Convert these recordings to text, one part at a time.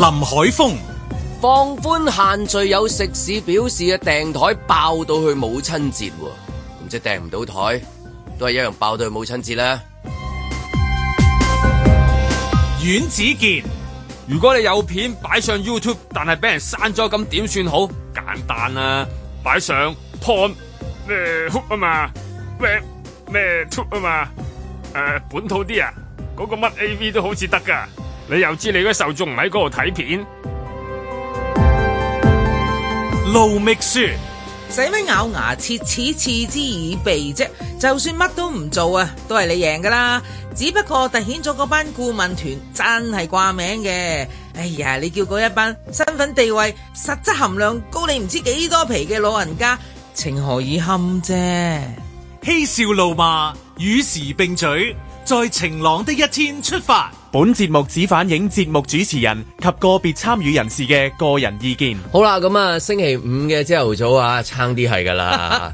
林海峰，放寬限聚有食肆表示嘅訂台爆到去母親節、啊，唔知訂唔到台都係一樣爆到去母親節啦。阮子健，如果你有片擺上 YouTube，但係俾人刪咗，咁點算好？簡單啊，擺上 Porn 咩 hook 啊嘛，咩咩 tube 啊嘛，誒、嗯嗯嗯嗯嗯嗯、本土啲啊，嗰、個乜 AV 都好似得噶。你又知你嗰受眾唔喺嗰度睇片？盧覓雪，使乜咬牙切齒，嗤之以鼻啫？就算乜都唔做啊，都係你贏噶啦。只不過凸顯咗嗰班顧問團真係掛名嘅。哎呀，你叫嗰一班身份地位、實質含量高你唔知幾多皮嘅老人家，情何以堪啫？嬉笑怒罵，與時並舉，在晴朗的一天出發。本節目只反映節目主持人及個別參與人士嘅個人意見。好啦，咁、嗯、啊，星期五嘅朝頭早啊，撐啲係噶啦。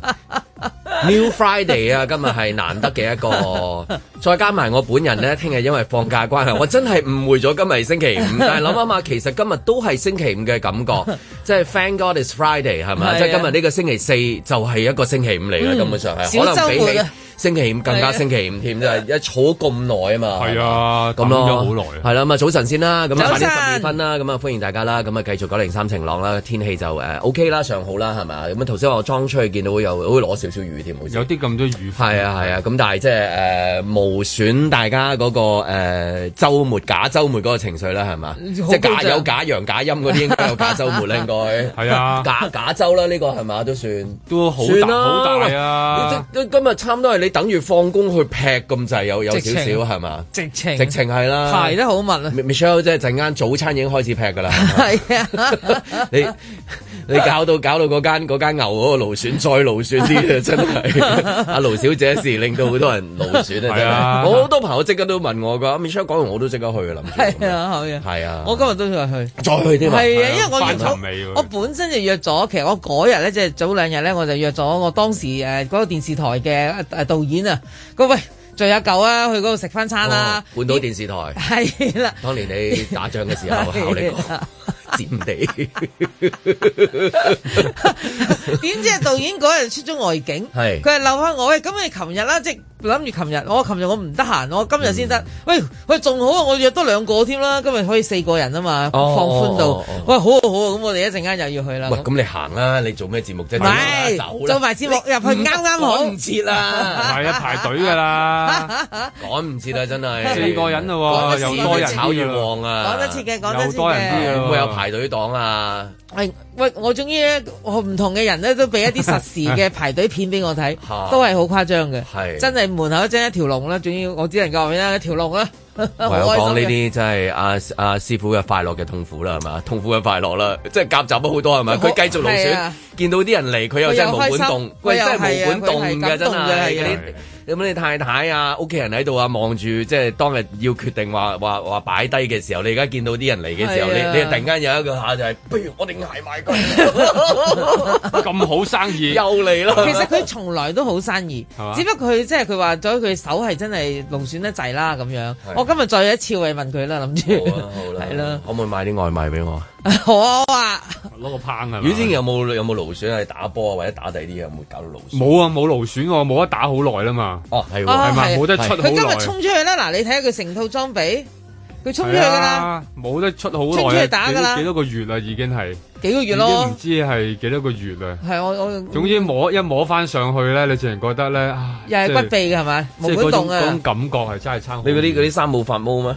New Friday 啊，今日係難得嘅一個，再加埋我本人呢，聽日因為放假關係，我真係誤會咗今日星期五。但係諗諗下，其實今日都係星期五嘅感覺，即係 Thank God is Friday，係咪？啊、即係今日呢個星期四就係一個星期五嚟啦，嗯、根本上係可能俾你。星期五更加星期五添，就一坐咁耐啊嘛。係啊，咁咯，好耐。係啦，咁啊，早晨先啦，咁啊，八點十二分啦，咁啊，歡迎大家啦，咁啊，繼續九零三晴朗啦，天氣就誒 O K 啦，尚好啦，係咪？咁啊，頭先我裝出去見到有會攞少少雨添，有啲咁多雨。係啊係啊，咁但係即係誒無損大家嗰個周末假周末嗰個情緒啦，係嘛？即係假有假陽假陰嗰啲應該有假周末咧，應該係啊，假假周啦，呢個係咪？都算都好大好大啊！今日差唔多係你等於放工去劈咁滯，有有少少係嘛？直情直情係啦，排得好密啊！Michelle 即係陣間早餐已經開始劈噶啦，係啊！你你搞到搞到嗰間牛嗰個勞選再勞選啲啊！真係，阿盧小姐事令到好多人勞選啊！好多朋友即刻都問我噶，Michelle 講完我都即刻去啦。係啊，可以。係啊，我今日都去，再去添。係啊，因為我約咗我本身就約咗，其實我嗰日咧即係早兩日咧我就約咗我當時誒嗰個電視台嘅導演啊，嗰喂聚下舊啊，去嗰度食翻餐啦，啊。半島、哦、電視台係啦， 是的 當年你打仗嘅時候考慮過 是的。 漸地，點知啊導演嗰日出咗外景，係佢係留翻我喂，咁你琴日啦，即諗住琴日，我琴日我唔得閒，我今日先得，喂喂仲好啊，我約多兩個添啦，今日可以四個人啊嘛，放寬到。喂好啊好啊，咁我哋一陣間就要去啦。喂，咁你行啦，你做咩節目啫？唔係做埋節目入去啱啱好唔切啦，係啊排隊噶啦，趕唔切啊真係，四個人咯，又多人炒熱旺啊，趕得切嘅，趕得切嘅，會有排？排隊黨啊！喂喂，我終於咧，唔同嘅人咧都俾一啲實時嘅排隊片俾我睇， 都係好誇張嘅，是真係門口一條龍一條龍 真一條龍啦！仲要我只能夠咩啊？一條龍啦。我講呢啲真係阿阿師傅嘅快樂嘅痛苦啦，係嘛？痛苦嘅快樂啦，即係夾雜咗好多係咪？佢繼續勞損，啊、見到啲人嚟，佢又真係無管凍，又真係無管凍嘅，啊、動真係。有冇你太太啊、屋企人喺度啊，望住即係當日要決定話話話擺低嘅時候，你而家見到啲人嚟嘅時候，的你你突然間有一個下就係、是，不如我哋捱埋佢，咁 好生意 又嚟啦。其實佢從來都好生意， 吧只不過佢即係佢話咗佢手係真係龍選得滯啦咁樣。的我今日再有一次嚟問佢啦，諗住，係啦、啊，可唔可以買啲外賣俾我？好啊，攞個棒啊！雨天有冇有冇勞損啊？打波啊，或者打第啲嘢有冇搞到勞損？冇啊，冇勞損我冇得打好耐啦嘛。哦，係喎，係嘛，冇得出好耐。佢今日衝出去啦！嗱，你睇下佢成套裝備，佢衝出去噶啦，冇得出好耐。衝出去打噶啦，幾多個月啦，已經係幾個月咯，已經唔知係幾多個月啦。係我我總之摸一摸翻上去咧，你淨係覺得咧，又係骨痹嘅係咪冇咁凍啊？嗰種感覺係真係差好。你嗰啲嗰啲衫冇發毛咩？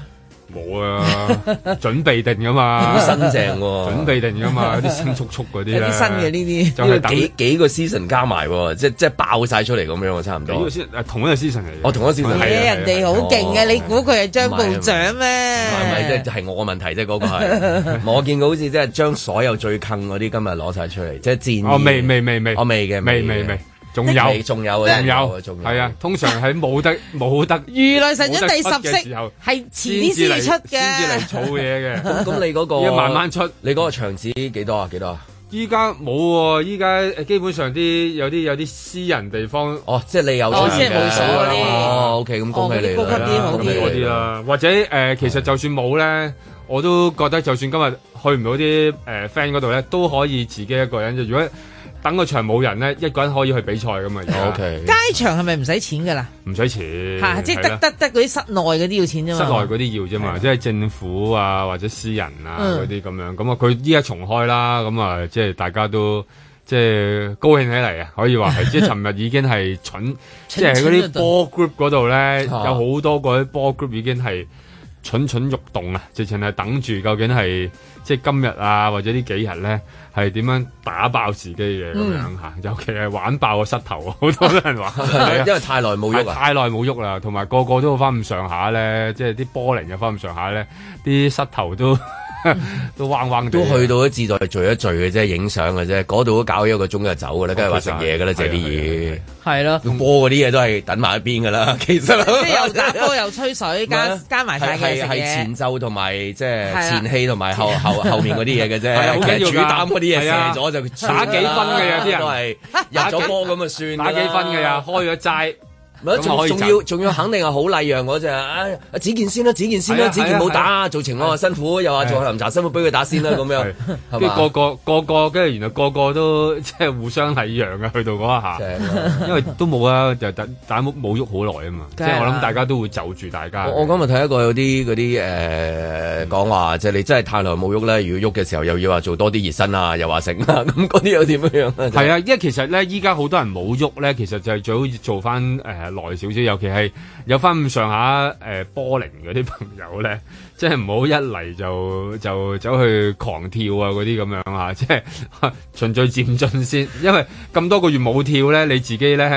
冇啊，準備定㗎嘛，好 新淨喎、啊，準備定㗎嘛，啲新速速嗰啲咧， 有新嘅呢啲，仲要幾幾個 season 加埋喎、啊，即即爆晒出嚟咁樣喎，差唔多。同一個 season 嚟，我同一個 season 係啊。啊啊啊人哋好勁嘅、啊，哦啊、你估佢係張部長咩？唔係唔係，即係我嘅問題即係嗰個係， 我見到好似即係將所有最坑嗰啲今日攞晒出嚟，即係戰。我未未未未，我未嘅，未未未。仲有，仲有，仲有，仲係啊！通常喺冇得冇得如來神掌第十式，係遲啲先出嘅，先至嚟儲嘢嘅。咁你嗰個慢慢出，你嗰個場子幾多啊？幾多啊？依家冇喎，依家基本上啲有啲有啲私人地方，哦，即係你有即係冇數嗰啲。哦，OK，咁恭喜你啦！高級啲啦！或者誒，其實就算冇咧，我都覺得就算今日去唔到啲誒 friend 嗰度咧，都可以自己一個人。如果等個場冇人咧，一個人可以去比賽㗎嘛！街場係咪唔使錢噶啦？唔使錢，即係得得得嗰啲室內嗰啲要錢啫嘛。室內嗰啲要啫嘛，即係政府啊或者私人啊嗰啲咁樣。咁啊，佢依家重開啦，咁、嗯、啊，即係大家都即係高興起嚟啊，可以話係。即係尋日已經係蠢，即係喺嗰啲波 group 嗰度咧， 有好多個波 group 已經係蠢蠢欲動啊！直情係等住究竟係。即係今日啊，或者呢幾日咧，係點樣打爆自己嘅咁樣嚇？嗯、尤其係玩爆個膝頭啊，好 多人話， 因為太耐冇喐啦，太耐冇喐啦，同埋個個都翻唔上下咧，即係啲波零又翻唔上下咧，啲膝頭都。 都橫橫，都去到都自在聚一聚嘅啫，影相嘅啫。嗰度都搞一個鐘就走噶啦，梗係話食嘢噶啦，借啲嘢。係咯，波嗰啲嘢都係等埋一邊噶啦，其實又打波又吹水，加加埋晒嘅食嘢。係係前奏同埋即係前戲同埋後後後面嗰啲嘢嘅啫。係啊，好緊要，佢打波啲嘢射咗就打幾分嘅，有啲人係打波咁啊算打幾分嘅啊開咗齋。仲要仲要，肯定係好禮讓嗰隻、啊。哎、啊，子健先啦，子健先啦，子健冇打、啊、做情況、啊、辛苦、啊，又話、啊啊、做紅茶辛苦，俾佢打先啦咁樣。跟個個個個，跟住原來個個，個，個，個都即係互相禮讓嘅， 去到嗰一下，啊、因為都冇啊，就等但冇喐好耐啊嘛。即係我諗大家都會就住大家。啊、我，我今日睇一個有啲嗰啲誒講話，即係你真係太耐冇喐咧，如果喐嘅時候又要話做多啲熱身啊，又話成啊，咁嗰啲又點樣啊？係啊，因為其實咧，依家好多人冇喐咧，其實就係最好做翻誒。耐少少，尤其係。有翻咁上下誒波寧嗰啲朋友咧，即係唔好一嚟就就走去狂跳啊嗰啲咁樣啊，即係 循序漸進先。因為咁多個月冇跳咧，你自己咧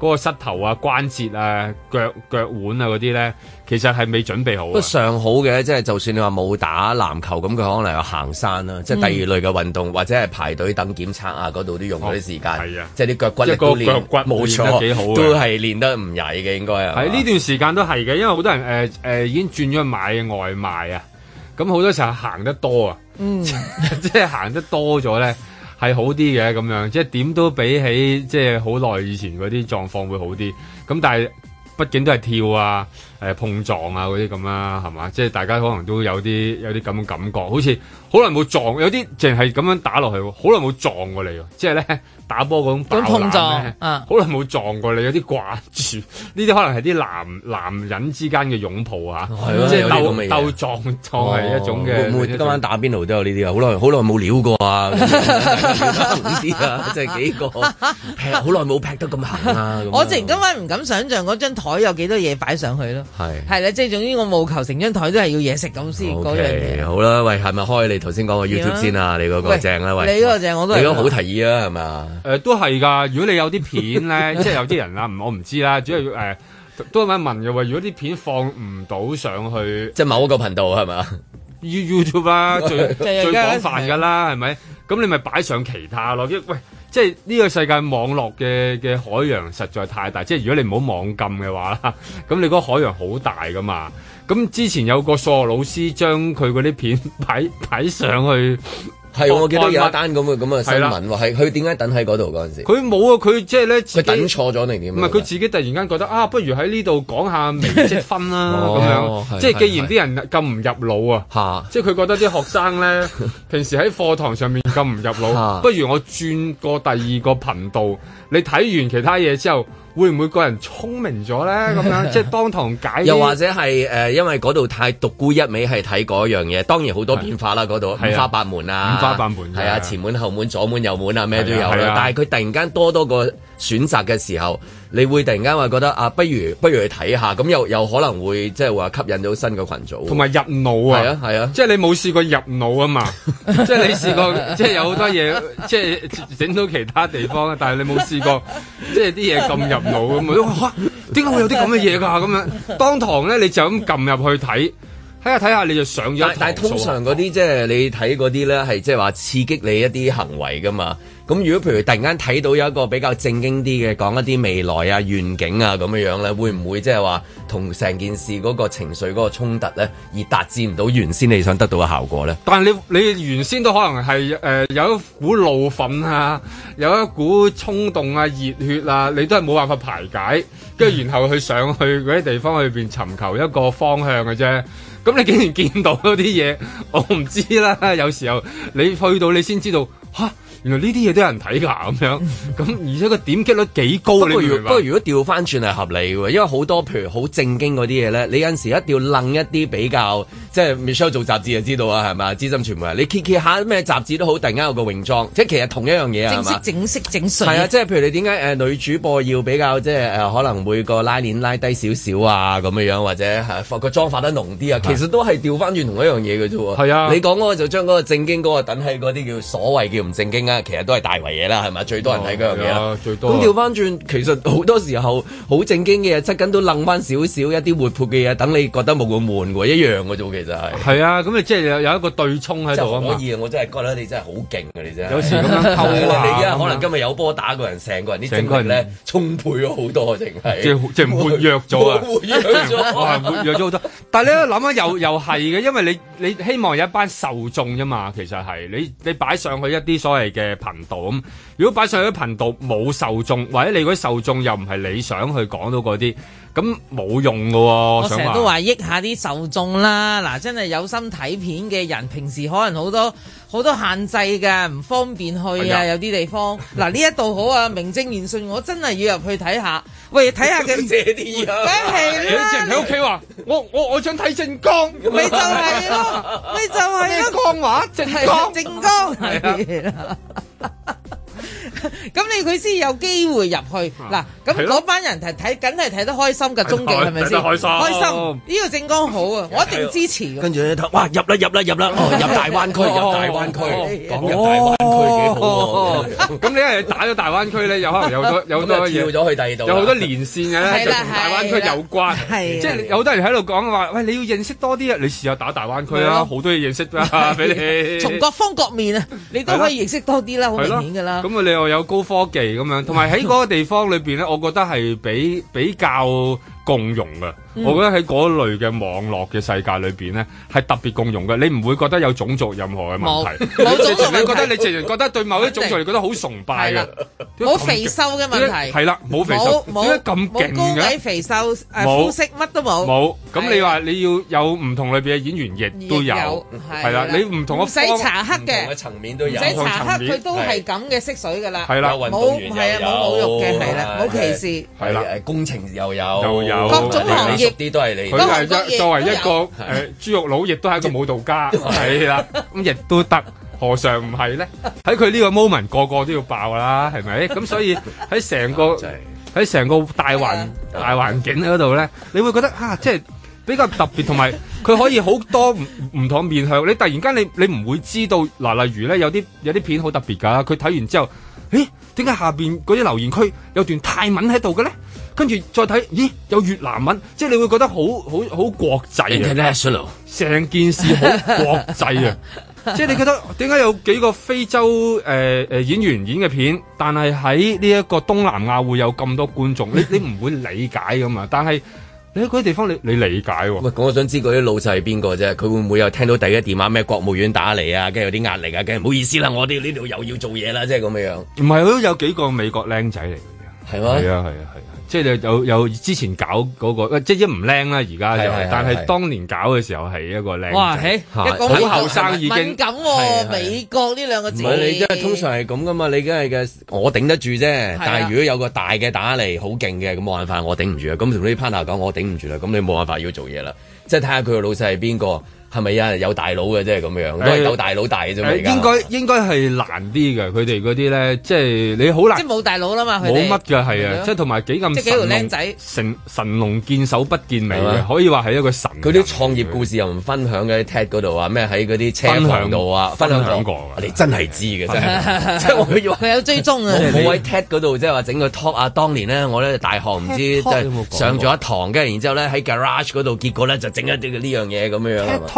嗰、嗰個膝頭啊、關節啊、腳腳腕啊嗰啲咧，其實係未準備好。不過尚好嘅，即、就、係、是、就算你話冇打籃球咁，佢可能有行山啊，即係第二類嘅運動，或者係排隊等檢測啊嗰度都用咗啲時間，哦、即係啲腳骨腳骨冇練，錯練得幾好，都係練得唔曳嘅應該。喺呢。呢段時間都係嘅，因為好多人誒誒、呃呃、已經轉咗買外賣啊，咁好多時候行得多啊，嗯，即係行得多咗咧係好啲嘅咁樣，即係點都比起即係好耐以前嗰啲狀況會好啲，咁但係畢竟都係跳啊，誒、呃、碰撞啊嗰啲咁啦，係嘛，即係大家可能都有啲有啲咁嘅感覺，好似好耐冇撞，有啲淨係咁樣打落去，好耐冇撞過你喎，即係咧。打波嗰種碰撞，好耐冇撞過你，有啲掛住。呢啲可能係啲男男人之間嘅擁抱啊，即係鬥鬥撞撞係一種嘅。會唔會今晚打邊爐都有呢啲啊？好耐好耐冇料過啊！呢啲啊，即係幾個好耐冇劈得咁行啦。我直情今晚唔敢想像嗰張台有幾多嘢擺上去咯。係啦，即係總之我務求成張台都係要嘢食咁先。嗰樣好啦，喂，係咪開你頭先講個 YouTube 先啊？你嗰個正啦，喂，你嗰個正我都。你嗰好提議啊，係嘛？誒、呃，都係噶。如果你有啲片咧， 即係有啲人啦，唔我唔知啦。主要誒、呃，都問一問嘅。如果啲片放唔到上去，即係某個頻道係咪 YouTube 啦，最最廣泛噶啦，係咪？咁你咪擺上其他咯。喂，即係，即係呢個世界網絡嘅嘅海洋實在太大。即係如果你唔好網禁嘅話啦，咁你嗰個海洋好大噶嘛？咁之前有個數學老師將佢嗰啲片擺擺上去。係，我記得有一單咁嘅咁嘅新聞喎，係佢點解等喺嗰度嗰陣時？佢冇啊，佢即係咧，佢等錯咗定點？唔係佢自己突然間覺得啊，不如喺呢度講下微積分啦，咁、 哦、樣即係的既然啲人咁唔入腦啊，即係佢覺得啲學生咧 平時喺課堂上面咁唔入腦， 不如我轉個第二個頻道。你睇完其他嘢之後，會唔會個人聰明咗咧？咁 樣即係當堂解。又或者係誒、呃，因為嗰度太獨沽一味，係睇嗰樣嘢。當然好多變化啦，嗰度的五花八門啊，五花八門、啊，係啊，前門後門左門右門啊，咩都有啦。但係佢突然間多多個選擇嘅時候。你會突然間話覺得啊，不如不如去睇下，咁又又可能會即係話吸引到新嘅群組，同埋入腦啊！係啊係啊，啊即係你冇試過入腦啊嘛！ 即係你試過，即係有好多嘢，即係整到其他地方啊，但係你冇試過， 即係啲嘢咁入腦咁，哇！ 點解會有啲咁嘅嘢㗎？咁樣當堂咧，你就咁撳入去睇，睇下睇下你就上咗。但係通常嗰啲即係你睇嗰啲咧，係即係話刺激你一啲行為㗎嘛。咁如果譬如突然間睇到有一個比較正經啲嘅講一啲未來啊、願景啊咁樣樣咧，會唔會即係話同成件事嗰個情緒嗰個衝突咧，而達至唔到原先你想得到嘅效果咧？但係你你原先都可能係誒、呃、有一股怒憤啊，有一股衝動啊、熱血啊，你都係冇辦法排解，跟住然後去上去嗰啲地方去邊尋求一個方向嘅啫。咁你竟然見到嗰啲嘢，我唔知啦。有時候你去到你先知道嚇。原來呢啲嘢都有人睇噶，咁樣，咁而且個點擊率幾高 不。不過如果調翻轉係合理嘅，因為好多譬如好正經嗰啲嘢咧，你有時一定要楞一啲比較，即係 Michelle 做雜誌就知道啊，係咪資深傳媒？你揭揭下咩雜誌都好，突然間有個泳裝，即係其實同一樣嘢啊。整式整吧式整碎係啊，即係譬如你點解誒女主播要比較即係誒可能每個拉鏈拉低少少啊咁樣樣，或者個妝、啊、化得濃啲啊，其實都係調翻轉同一樣嘢嘅啫。係啊，你講嗰個就將嗰個正經嗰個等喺嗰啲叫所謂叫唔正經。其實都係大圍嘢啦，係咪？最多人睇嗰樣嘢，最多、啊。咁調翻轉，其實好多時候好正經嘅嘢，出緊都冧翻少少一啲活潑嘅嘢，等你覺得冇咁悶喎，一樣嘅啫其實係。係啊，咁啊，即係有一個對沖喺度可以，我真係覺得你真係好勁嘅你真。有時咁透話，你而家 可能今日有波打過人個，人個人，成個人啲整個人咧充沛咗好多，定係？即 即係活躍咗啊！活躍咗好多。但係你諗下，又又係嘅，因為你你希望有一班受眾啫嘛，其實係你你擺上去一啲所謂。嘅頻道咁，如果擺上去嘅頻道冇受眾，或者你嗰啲受眾又唔係你想去講到嗰啲，咁冇用㗎喎、啊。我成日都話益下啲受眾啦，嗱，真係有心睇片嘅人，平時可能好多。好多限制㗎，唔方便去啊！的有啲地方，嗱呢一度好啊，名正言順。我真係要入去睇下。喂，睇下嘅，梗係啦。喺屋企話，我我我想睇正江，你就係咯，你就係啦，江話正江，正、啊、江。是的 咁你佢先有機會入去嗱，咁嗰班人睇睇，梗係睇得開心嘅，終極係咪先？開心，開心，呢個正剛好啊！我一定支持。跟住咧，哇，入啦入啦入啦，入大灣區，入大灣區，講入大灣區幾好啊！咁你一係打咗大灣區咧，有可能有咗有咗，跳咗去第二度，有好多連線嘅，同大灣區有關，係即係有好多人喺度講話，喂，你要認識多啲啊！你試下打大灣區啦，好多嘢認識啦，俾你從各方各面啊，你都可以認識多啲啦，好明顯㗎啦。咁啊，你又。有高科技咁樣，同埋喺嗰個地方裏邊咧，我覺得係比比較共融嘅，我覺得喺嗰類嘅網絡嘅世界裏邊咧，係特別共融嘅。你唔會覺得有種族任何嘅問題。冇種族，你覺得你直情覺得對某一種族嚟覺得好崇拜嘅，冇肥瘦嘅問題。係啦，冇肥瘦。冇冇。點解咁勁嘅？冇高矮肥瘦，誒膚色乜都冇。冇。咁你話你要有唔同裏邊嘅演員，亦都有。係啦，你唔同嘅方唔同嘅層面都有。唔同層面，佢都係咁嘅色水嘅啦。係啦，冇係啊，冇侮辱嘅，係啦，冇歧視。係啦，工程又有。各種行業啲都係你，佢係一作為一個誒豬肉佬，亦都係一個舞蹈家，係啦咁亦都得，何嘗唔係咧？喺佢呢個 moment，個個都要爆啦，係咪？咁所以喺成個喺成個大環大環境嗰度咧，你會覺得啊，即係比較特別，同埋佢可以好多唔唔同面向。你突然間你你唔會知道嗱，例如咧有啲有啲片好特別噶，佢睇完之後，咦？點解下邊嗰啲留言區有段泰文喺度嘅咧？跟住再睇，咦？有越南文，即係你會覺得好好好國際啊！International。成件事好國際啊！即係你覺得點解有幾個非洲誒誒演員演嘅片，但係喺呢一個東南亞會有咁多觀眾？你你唔會理解噶嘛？但係你喺嗰啲地方，你你理解喎。喂，我想知嗰啲老細係邊個啫？佢會唔會又聽到第一電話咩？國務院打嚟啊，跟住有啲壓力啊，梗係唔好意思啦，我哋呢度又要做嘢啦，即係咁嘅樣。唔係，佢都有幾個美國僆仔嚟嘅，係嘛？係啊，係啊，係。即係有有之前搞嗰，那個，即係一唔靚啦，而家就是，是是是是但係當年搞嘅時候係一個靚仔，好後生已經是是敏、啊、是是是美國呢兩個字，你即係通常係咁噶嘛？你梗係嘅，我頂得住啫。啊、但係如果有個大嘅打嚟，好勁嘅，咁冇辦法，我頂唔住啊。咁同呢 partner 講，我頂唔住啦。咁你冇辦法要做嘢啦。即係睇下佢嘅老細係邊個。係咪啊？有大佬嘅，即係咁樣，都係有大佬大嘅啫。應該應該係難啲嘅，佢哋嗰啲咧，即係你好難。即冇大佬啦嘛，冇乜嘅係啊，即係同埋幾咁。即幾條靚仔。神神龍見首不見尾，可以話係一個神。佢啲創業故事又唔分享嘅，喺 TED 嗰度啊，咩喺嗰啲車度啊，分享過。你真係知嘅，真係即係我佢話有追蹤啊。冇喺 TED 嗰度即係話整個 talk 啊，當年咧我咧大學唔知上咗一堂，跟住然之後喺 Garage 嗰度，結果咧就整一啲呢樣嘢咁樣樣。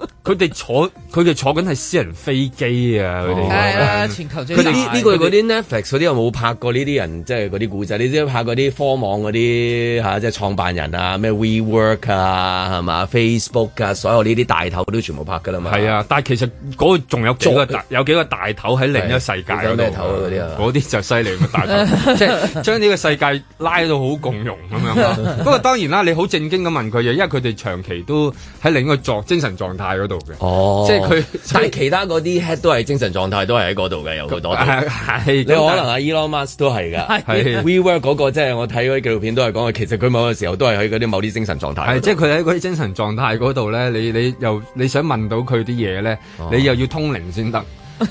佢哋坐佢哋坐緊係私人飛機啊！佢哋係啊，全球最佢哋呢呢個係嗰啲 Netflix 嗰啲有冇拍過呢啲人？即係嗰啲古仔？你知拍嗰啲科網嗰啲吓，即係創辦人啊，咩 WeWork 啊，係嘛 Facebook 啊，所有呢啲大頭都全部拍㗎喇嘛。係啊，但係其實嗰仲有幾個大有幾個大頭喺另一世界啊！大頭嗰啲啊，嗰啲就犀利嘅大頭，即係將呢個世界拉到好共融咁樣。不過當然啦，你好正經咁問佢，因為佢哋長期都喺另外狀精神狀態嗰度。哦，即係佢，但係其他嗰啲 head 都係精神狀態，都係喺嗰度嘅，有好多。係，係，你可能阿 Elon Musk 都係噶。WeWork 嗰個即係我睇嗰啲紀錄片都係講，其實佢某個時候都係喺嗰啲某啲精神狀態。即係佢喺嗰啲精神狀態嗰度咧，你你又你想問到佢啲嘢咧，你又要通靈先得。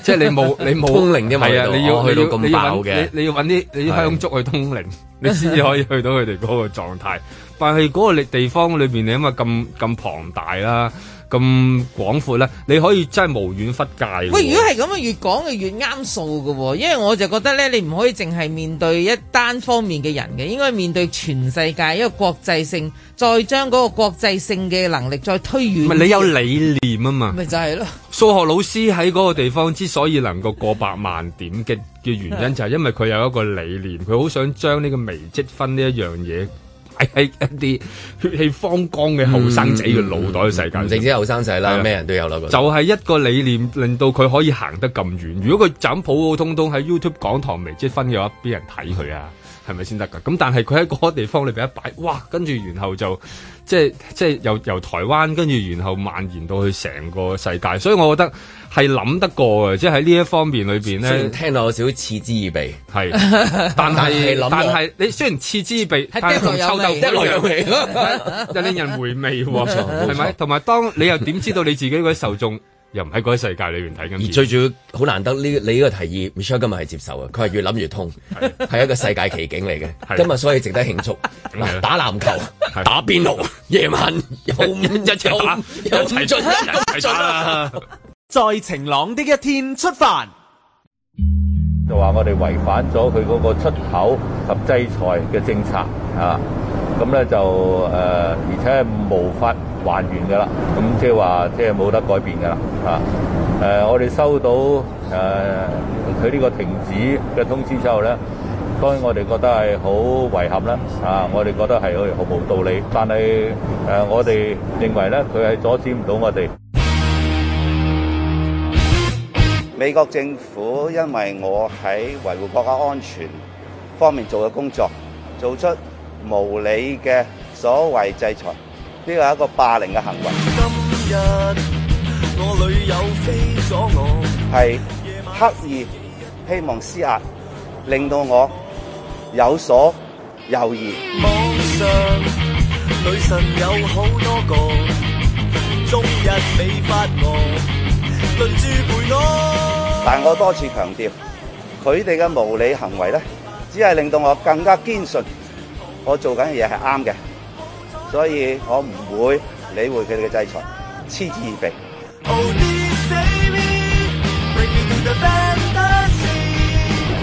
即係你冇你冇通靈啲，係啊，你要去到咁爆嘅，你要揾啲你香燭去通靈，你先至可以去到佢哋嗰個狀態。但係嗰個地方裏邊你諗下咁咁龐大啦。咁廣闊呢，你可以真係無遠弗屆。喂，如果係咁啊，越講就越啱數㗎喎，因為我就覺得呢，你唔可以淨係面對一單方面嘅人嘅，應該面對全世界，一個國際性，再將嗰個國際性嘅能力再推遠。你有理念啊嘛？咪就係咯。數學老師喺嗰個地方之所以能夠過百萬點擊嘅嘅原因， 就係因為佢有一個理念，佢好想將呢個微積分呢一樣嘢。係一啲血氣方剛嘅後生仔嘅腦袋世界，唔淨止後生仔啦，咩、嗯嗯人，啊、人都有啦、啊。就係一個理念令到佢可以行得咁遠。如果佢就咁普普通通喺 YouTube 講堂微積分嘅話，邊人睇佢啊？係咪先得㗎？咁、嗯、但係佢喺嗰個地方裏邊一擺，哇！跟住然後就即係即係由由台灣跟住然後蔓延到去成個世界，所以我覺得係諗得過嘅。即係喺呢一方面裏邊咧，聽到有少少嗤之以鼻，係，但係 但係是你雖然嗤之以鼻， 但係同臭豆腐一樣味，又令 人回味喎、啊，係咪錯？同埋錯當你又點知道你自己嗰啲受眾？ 又唔喺嗰啲世界裏面睇緊。而最主要好難得呢，你呢個提議，Michelle 今日係接受嘅。佢係越諗越痛，係一個世界奇景嚟嘅。今日所以值得慶祝。打籃球，打邊爐，夜晚又一齊打，又一齊追，一齊打。在晴朗的一天出發。就話我哋違反咗佢嗰個出口及制裁嘅政策啊，咁咧就誒，而且係無法。還原嘅啦，咁即係話即係冇得改變嘅啦，啊，誒，我哋收到誒佢呢個停止嘅通知之後咧，當然我哋覺得係好遺憾啦，啊，我哋覺得係好毫無道理，但係誒我哋認為咧，佢係阻止唔到我哋。美國政府因為我喺維護國家安全方面做嘅工作，做出無理嘅所謂制裁。呢個係一個霸凌嘅行為，今日我女友飛咗我，係刻意希望施壓，令到我有所猶疑。網上女神有好多個，陪我但係我多次強調，佢哋嘅無理行為咧，只係令到我更加堅信我做緊嘅嘢係啱嘅。所以我唔會理會佢哋嘅制裁，嗤之以鼻。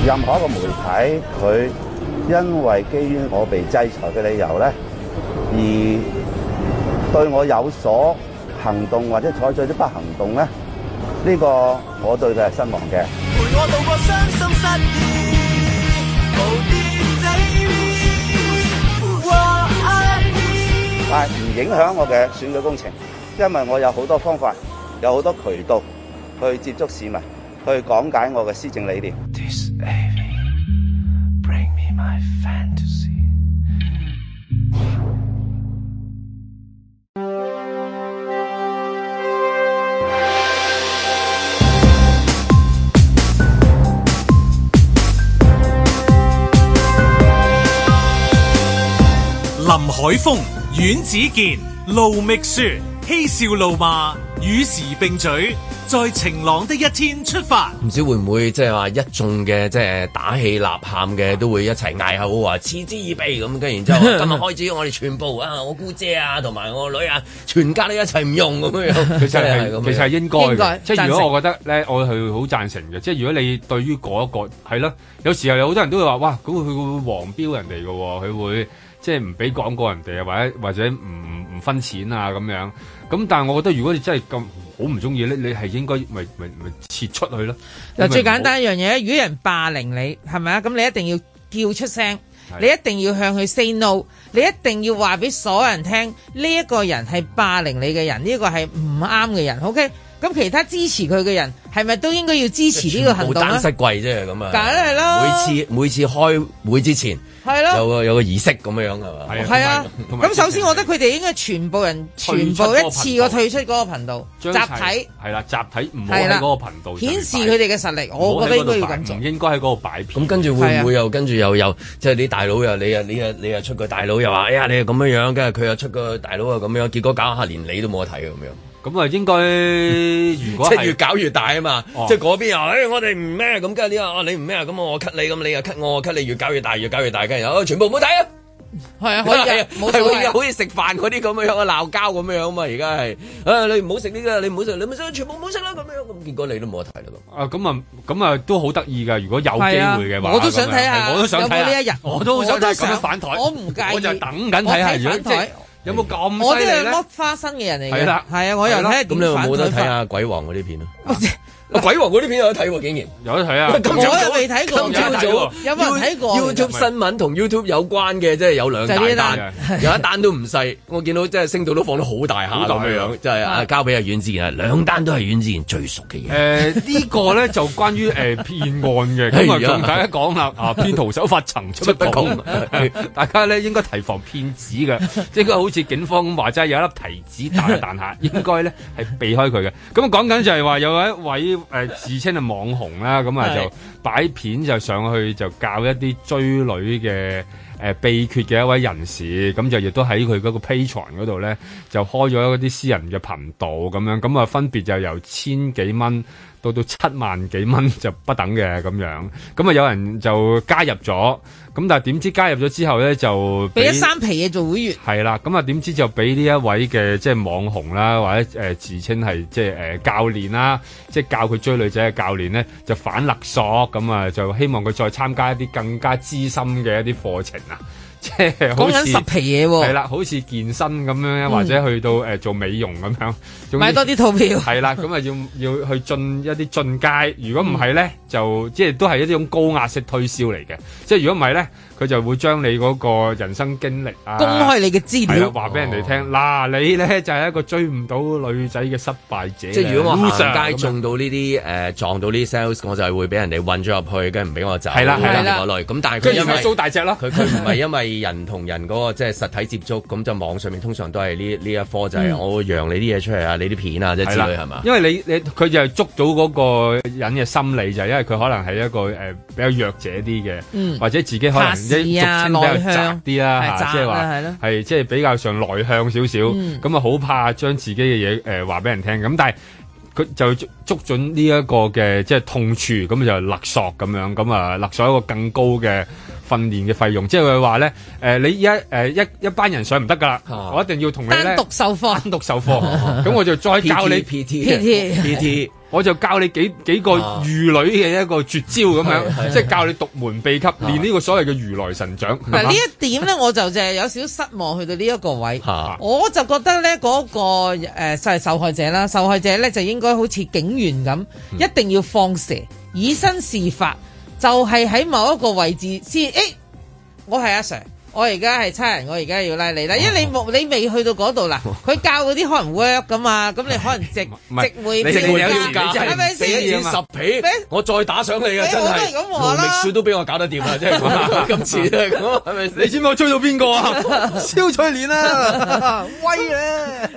任何一個媒體，佢因為基於我被制裁嘅理由咧，而對我有所行動或者採取啲不行動咧，呢個我對佢係失望嘅。但係唔影響我嘅選舉工程，因為我有好多方法，有好多渠道去接觸市民，去講解我嘅施政理念。林海峰、阮子健、盧覓雪，嬉笑怒罵，與時並嘴，在晴朗的一天出發，唔知會唔會即係話一眾嘅即係打氣、吶喊嘅都會一齊嗌口號，嗤之以鼻」咁。跟住然之後今日開始，我哋全部 啊，我姑姐啊，同埋我個女啊，全家都一齊唔用咁樣。 是樣其實係其實係應該，應該即係如果我覺得咧，我係好贊成嘅。即係如果你對於嗰一個係啦，有時候有好多人都會話哇，咁佢會黃標人哋噶，佢會。即係唔俾講過人哋啊，或者或者唔唔分錢啊咁樣。咁但係我覺得，如果你真係咁好唔中意咧，你係應該咪咪咪撤出去咯。嗱，最簡單一樣嘢，如果人霸凌你，係咪啊？咁你一定要叫出聲，是的 你一定要向佢 say no，你一定要話俾所有人聽，呢一個人係霸凌你嘅人，呢個係唔啱嘅人。OK，咁其他支持佢嘅人係咪都應該要支持呢個行動？冇單膝跪啫，咁啊，梗係咯。每次每次開會之前。係咯，有個有個儀式咁樣樣係嘛？係啊，咁有有首先其實 我覺得佢哋應該全部人全部一次過退出嗰個頻道，是集體係啦，集體唔喺嗰個頻道顯示佢哋嘅實力，我覺得都要咁做，唔應該喺嗰個擺片。咁跟住會唔會又的跟住又又即係你大佬又你啊你啊你啊出個大佬又話哎呀你又咁樣樣，跟住佢又出個大佬又咁樣，結果搞下連你都冇得睇咁樣。咁啊，應該如果即係越搞越大啊嘛，哦、即係嗰邊又，誒、欸，我哋唔咩咁，跟住你話，你唔咩咁我我 cut 你，咁你又 cut 我，我 cut 你，越搞越大，越搞越大，跟住、啊、全部唔好睇啊，係啊，係啊，係啊，好似食飯嗰啲咁樣樣鬧交咁樣啊嘛，而家係，啊，你唔好食呢個，你唔好食，你咪食，全部唔好食啦，咁樣，咁結果你都冇得睇啦，咁啊，咁啊，啊，啊，都好得意噶，如果有機會嘅話，啊、我都想睇啊，啊，我都想睇呢一日，我都想睇咁樣反台，我唔介意，我就等緊睇下有冇咁犀利咧？我啲係剝花生嘅人嚟嘅，係啦，係啊，我又睇咁你又冇得睇下鬼王嗰啲片啦，啊。 鬼王嗰啲片有得睇喎，竟然有得睇啊！早又未睇過，今朝早有冇睇過？YouTube 新聞同 YouTube 有關嘅，即係有兩單，有一單都唔細。我見到即係星島都放咗好大下咁嘅樣，即係啊！交俾阿阮志賢啦，兩單都係阮志賢最熟嘅嘢。誒呢個咧就關於誒騙案嘅，咁同大家講啦，啊騙徒手法層出不窮，大家咧應該提防騙子嘅，即係好似警方咁話齋，有一粒提子彈嘅彈下，應該咧係避開佢嘅。咁啊講緊就係話有一位。誒自稱係網紅啦，咁啊 就擺片就上去就教一啲追女嘅誒、呃、秘訣嘅一位人士，咁就亦都喺佢嗰個 Patreon 嗰度咧，就開咗一啲私人嘅頻道咁樣，咁啊分別就由千幾蚊到到七萬幾蚊就不等嘅咁樣，咁啊有人就加入咗，咁但係點知加入咗之後咧就俾咗三皮嘢做會員，係啦，咁啊點知就俾呢一位嘅即係網紅啦，或者誒、呃、自稱係即係誒教練啦，即係教佢追女仔嘅教練咧，就反勒索，咁啊就希望佢再參加一啲更加資深嘅一啲課程啊。即係講緊十皮嘢喎，係啦 像，好似健身咁樣，嗯、或者去到誒、呃、做美容咁樣，買多啲套票係啦，咁啊要要去進一啲進階，如果唔係咧，嗯、就即係都係一種高壓式推銷嚟嘅，即係如果唔係咧。佢就會將你嗰個人生經歷啊，公開你嘅資料，話俾人哋聽。嗱，你咧就係一個追唔到女仔嘅失敗者。即係如果我行街中到呢啲誒撞到呢 sales，我就係會俾人哋韞咗入去，跟住唔俾我走。係啦，係啦。咁但係佢因為粗大隻咯，佢唔係因為人同人嗰個即係實體接觸，咁就網上面通常都係呢呢一科就係我揚你啲嘢出嚟啊，你啲片啊即係之類係嘛？因為你佢就係捉到嗰個人嘅心理就係因為佢可能係一個誒比較弱者啲嘅，或者自己可能。即係，俗稱比較窄啲，內向，即係話，係，窄啊，係，比較上內向少少，咁啊好怕將自己嘅嘢，呃，話俾人聽，咁但係，佢就捉準呢一個嘅，即係痛處，咁就勒索，咁樣，勒索一個更高嘅，訓練嘅費用，即係佢話咧，誒，你一誒一一班人上唔得噶啦，我一定要同你咧單獨授課，單獨授課，咁我就再教你 PT，PT，PT，我就教你幾幾個御女嘅一個絕招咁樣，即係教你獨門秘笈，練呢個所謂嘅如來神掌。嗱呢一點咧，我就就係有少少失望去到呢一個位，我就覺得咧嗰個誒受受害者啦，受害者咧就應該好似警員咁，一定要放蛇，以身試法。就係喺某一個位置先，誒，我係阿 Sir，我而家係差人，我而家要拉你啦，因為你冇你未去到嗰度啦，佢教嗰啲可能 work 噶嘛，咁你可能直直會俾你教，係咪先？俾啲十皮，我再打上你嘅真係，我歷史都俾我搞得掂啦，即係今次咧，係咪？你知唔知我追到邊個啊？超催臉啦，威咧，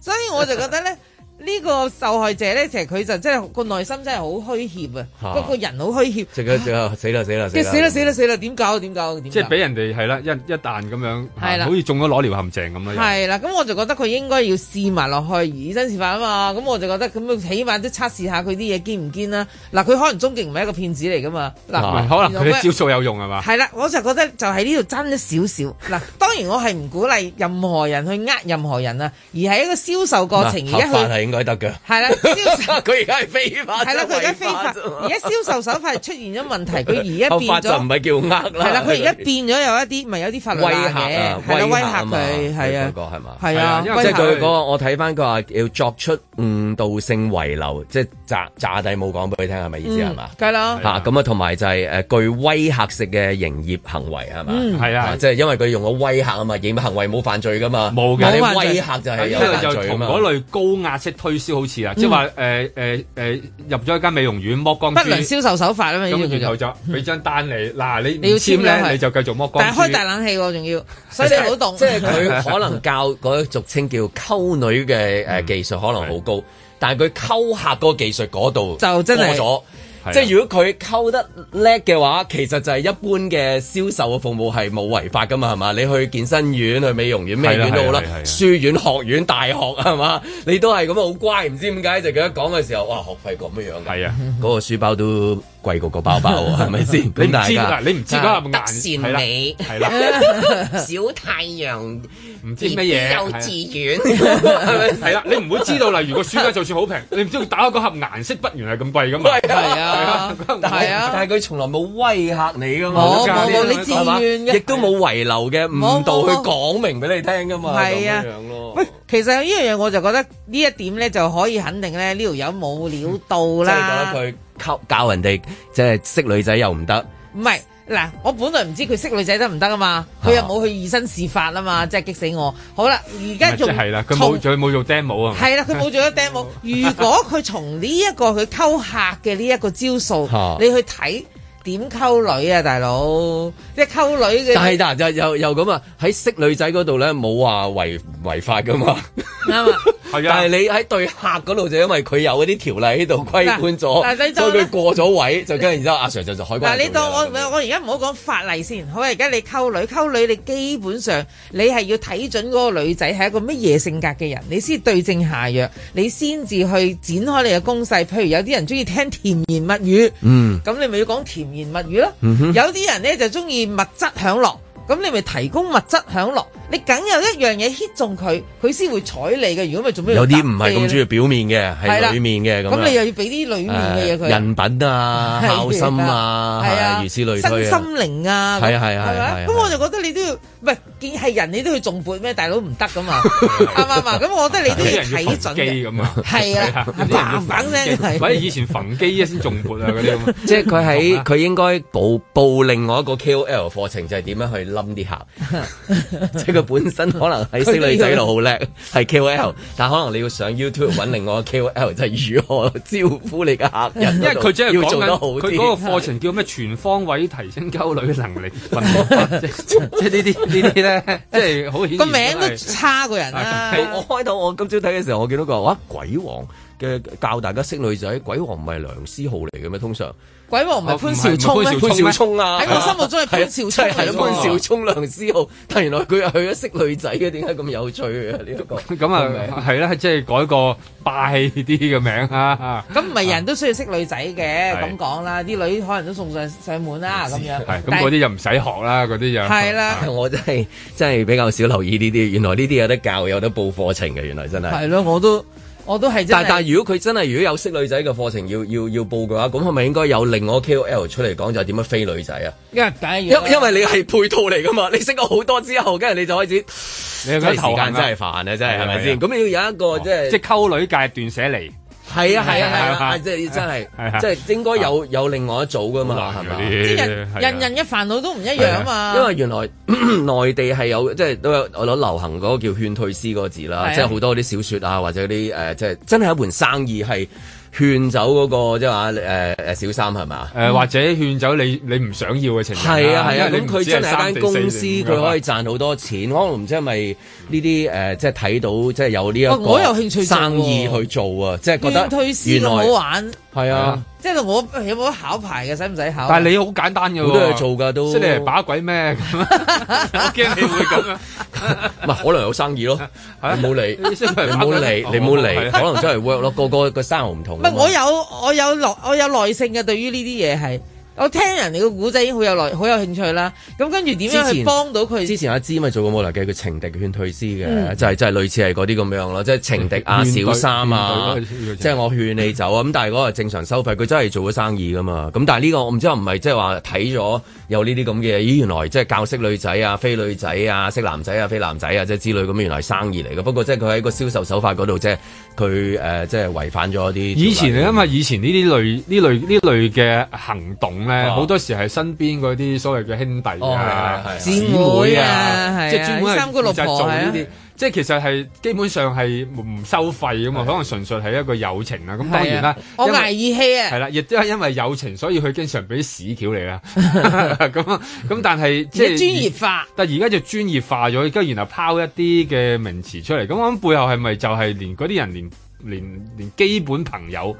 所以我就覺得咧。呢個受害者咧，其實佢就真係個內心真係好虛怯啊，個個人好虛怯，死啦死啦，即死啦死啦死啦，點搞點搞點？即係俾人哋係啦，一一彈咁樣，係啦，好似中咗裸聊陷阱咁啦，係啦，咁我就覺得佢應該要試埋落去以身試法啊嘛，咁我就覺得咁啊，起碼都測試下佢啲嘢堅唔堅啦。嗱，佢可能終極唔係一個騙子嚟噶嘛，嗱，可能佢啲招數有用係嘛？係啦，我就覺得就喺呢度爭少少。嗱，當然我係唔鼓勵任何人去呃任何人啊，而係一個銷售過程，而家佢。該得嘅係啦，佢而家非法係啦，佢而家非法，而家銷售手法出現咗問題，佢而家變咗唔係叫呃啦，係啦，佢而家變咗有一啲，咪有啲法律威嚇，威嚇佢，係啊，嗰個係嘛，係啊，即係佢嗰個，我睇翻佢話要作出誤導性遺留，即係詐詐底冇講俾佢聽，係咪意思係嘛？梗係啦嚇，咁啊，同埋就係誒具威嚇式嘅營業行為係嘛？係啊，即係因為佢用咗威嚇啊嘛，營業行為冇犯罪㗎嘛，冇嘅，威嚇就係有犯罪啊嘛，同嗰類高壓式。推銷好似啊，即係話誒誒誒入咗一間美容院剝光不能銷售手法啊嘛，咁然有咗，俾張單嚟嗱、嗯啊、你你要簽咧你就繼續剝光，但係開大冷氣喎、啊，仲要所以你好凍。 即係佢可能教嗰個俗稱叫溝女嘅誒技術可能好高，嗯、但係佢溝客嗰個技術嗰度就真係咗。即係如果佢溝得叻嘅話，其實就係一般嘅銷售嘅服務係冇違法噶嘛，係嘛？你去健身院、去美容院、咩院都好啦，書院、學院、大學係嘛？你都係咁樣好乖，唔知點解就咁樣講嘅時候，哇，學費咁樣樣嘅，係啊的，嗰 個書包都～貴過個包包喎，係咪先？你唔知㗎？你唔知嗰盒德善美，係啦，小太陽，唔知乜嘢，幼稚園，係咪？係啦，你唔會知道。例如個暑假就算好平，你唔知打開盒顏色不原係咁貴噶嘛？係啊，係啊，但係佢從來冇威嚇你噶嘛？你自願嘅，亦都冇遺留嘅誤導去講明俾你聽噶嘛？係啊。喂，其實呢樣嘢，我就覺得呢一點咧，就可以肯定咧，呢條友冇料到啦。你覺得佢溝教人哋即係識女仔又唔得？唔係嗱，我本來唔知佢識女仔得唔得啊嘛，佢、啊、又冇去以身試法啊嘛，即係激死我。好啦，而家仲即係啦，佢冇仲冇做 demo 啊？係啦，佢冇做咗 demo。如果佢從呢一個佢溝客嘅呢一個招數，啊、你去睇。點溝女啊，大佬！即係溝女嘅，但係但又又咁啊，喺識女仔嗰度咧冇話違違法噶嘛，啱啊 吧，係啊，但係你喺對客嗰度就因為佢有嗰啲條例喺度規管咗，所以佢過咗位是就跟住你然之後阿、啊、Sir 就就海關。嗱，你當吧我我而家唔好講法例先，好啊！而家你溝女溝女，女，你基本上你係要睇準嗰個女仔係一個乜嘢性格嘅人，你先對症下藥，你先至去展開你嘅攻勢。譬如有啲人中意聽甜言蜜語，嗯，咁你咪要講甜言蜜語咯，嗯、 有啲人咧就中意物質享樂，咁你咪提供物質享樂，你梗有一樣嘢 hit 中佢，佢先會睬你嘅。如果咪做咩？有啲唔係咁中意表面嘅，係 裏面嘅咁。咁、啊、樣你又要俾啲裏面嘅嘢佢。人品啊，孝心啊，係 啊，啊如此類似、啊。身心靈啊，係啊係啊係啊，咁我就覺得你都要。喂，係見係人你都去重撥咩？大佬唔得噶嘛，啱唔啱？咁我覺得你都要睇準嘅，咁啊，係啦，嘭嘭聲，反而以前焚機啊先重撥啊嗰啲，即係佢喺佢應該報報另外一個 K O L 課程，就係點樣去冧啲客。即係佢本身可能喺小女仔度好叻，係 K O L，但可能你要上 YouTube 揾另外個 K O L，就係如何招呼你嘅客人。因為佢真係要做得好。佢嗰個課程叫咩全方位提升溝女能力，即係呢啲。呢啲咧， 即係好顯個名都差過人啦。我開到我今朝睇嘅時候，我見到個哇鬼王。教大家識女仔，鬼王唔係梁思浩嚟嘅咩？通常鬼王唔係潘少聰咩？潘少聰啊！喺我心目中係潘少聰，係潘少聰梁思浩，但原來佢又去咗識女仔嘅，點解咁有趣啊？呢一個咁啊，係啦，即係改個霸氣啲嘅名啊！咁唔係人都需要識女仔嘅，咁講啦，啲女可能都送上上門啦，咁樣。咁嗰啲就唔使學啦，嗰啲就。係啦。我真係真係比較少留意呢啲，原來呢啲有得教，有得報課程嘅，原來真係係咯，我都。我都係，但但如果佢真係如果有識女仔嘅課程要要要報嘅話，咁係咪應該有另外 KOL 出嚟講，就係點樣飛女仔啊？因為假如因為你係配套嚟噶嘛，你識咗好多之後，跟住你就開始。你嗰啲噢時間真係煩啊，真係係咪先？咁是你要有一個即係即係溝女界斷捨離。係啊，係啊，係啊，即係真係，即係應該有有另外一組㗎嘛，係嘛？人人嘅煩惱都唔一樣啊嘛。因為原來內地係有即係都有，我諗流行嗰個叫《勸退師》個字啦，即係好多啲小說啊，或者啲誒，即係真係一盤生意係。勸走嗰、那個即係話誒誒小三係咪？誒、嗯、或者勸走你你唔想要嘅情人係啊，係啊，咁佢、啊、真係間公司佢可以賺好多錢，啊、可能唔知係咪呢啲誒即係睇到即係、就是、有呢一個生意去做啊，即係、哦、覺得原來好玩。係啊，即係我有冇考牌嘅，使唔使考？但係你好簡單嘅，我都係做噶都。即係你係把鬼咩？我驚你會咁啊！唔係，可能有生意咯。你冇嚟，你冇嚟，你冇嚟，可能真係 work 咯。個個個生意唔同。唔係我有，我有耐，我有耐性嘅，對於呢啲嘢係。我聽人哋個古仔已經好有耐，好有興趣啦。咁跟住點樣去幫到佢？之前阿芝咪做過冇耐嘅，叫情敵勸退師嘅、嗯，就係，就係就係類似係嗰啲咁樣咯，即係情敵啊、對小三啊，即係我勸你走啊。咁但係嗰個正常收費，佢真係做咗生意噶嘛。咁但係呢個我唔知，係唔係即係話睇咗。有呢啲咁嘅，咦、呃？原來即係教識女仔啊，非女仔啊，識男仔啊，非男仔啊，即係之類咁。原來生意嚟嘅。不過即係佢喺個銷售手法嗰度，即係佢誒，即、呃、係、就是、違反咗啲。以前因為以前呢啲類呢類呢類嘅行動咧，好、哦、多時係身邊嗰啲所謂嘅兄弟啊、姊、哦啊啊啊、妹啊，即係專門三姑六婆喺。即係其實係基本上係唔收費嘅嘛，是的 可能純粹係一個友情啦。咁的當然啦，我懷義氣啊。係啦，亦都係因為友情，所以佢經常俾屎橋嚟啦。咁咁， 但係即係專業化。但而家就專業化咗，跟住然後拋一啲嘅名詞出嚟。咁我諗背後係咪就係連嗰啲人連連連基本朋友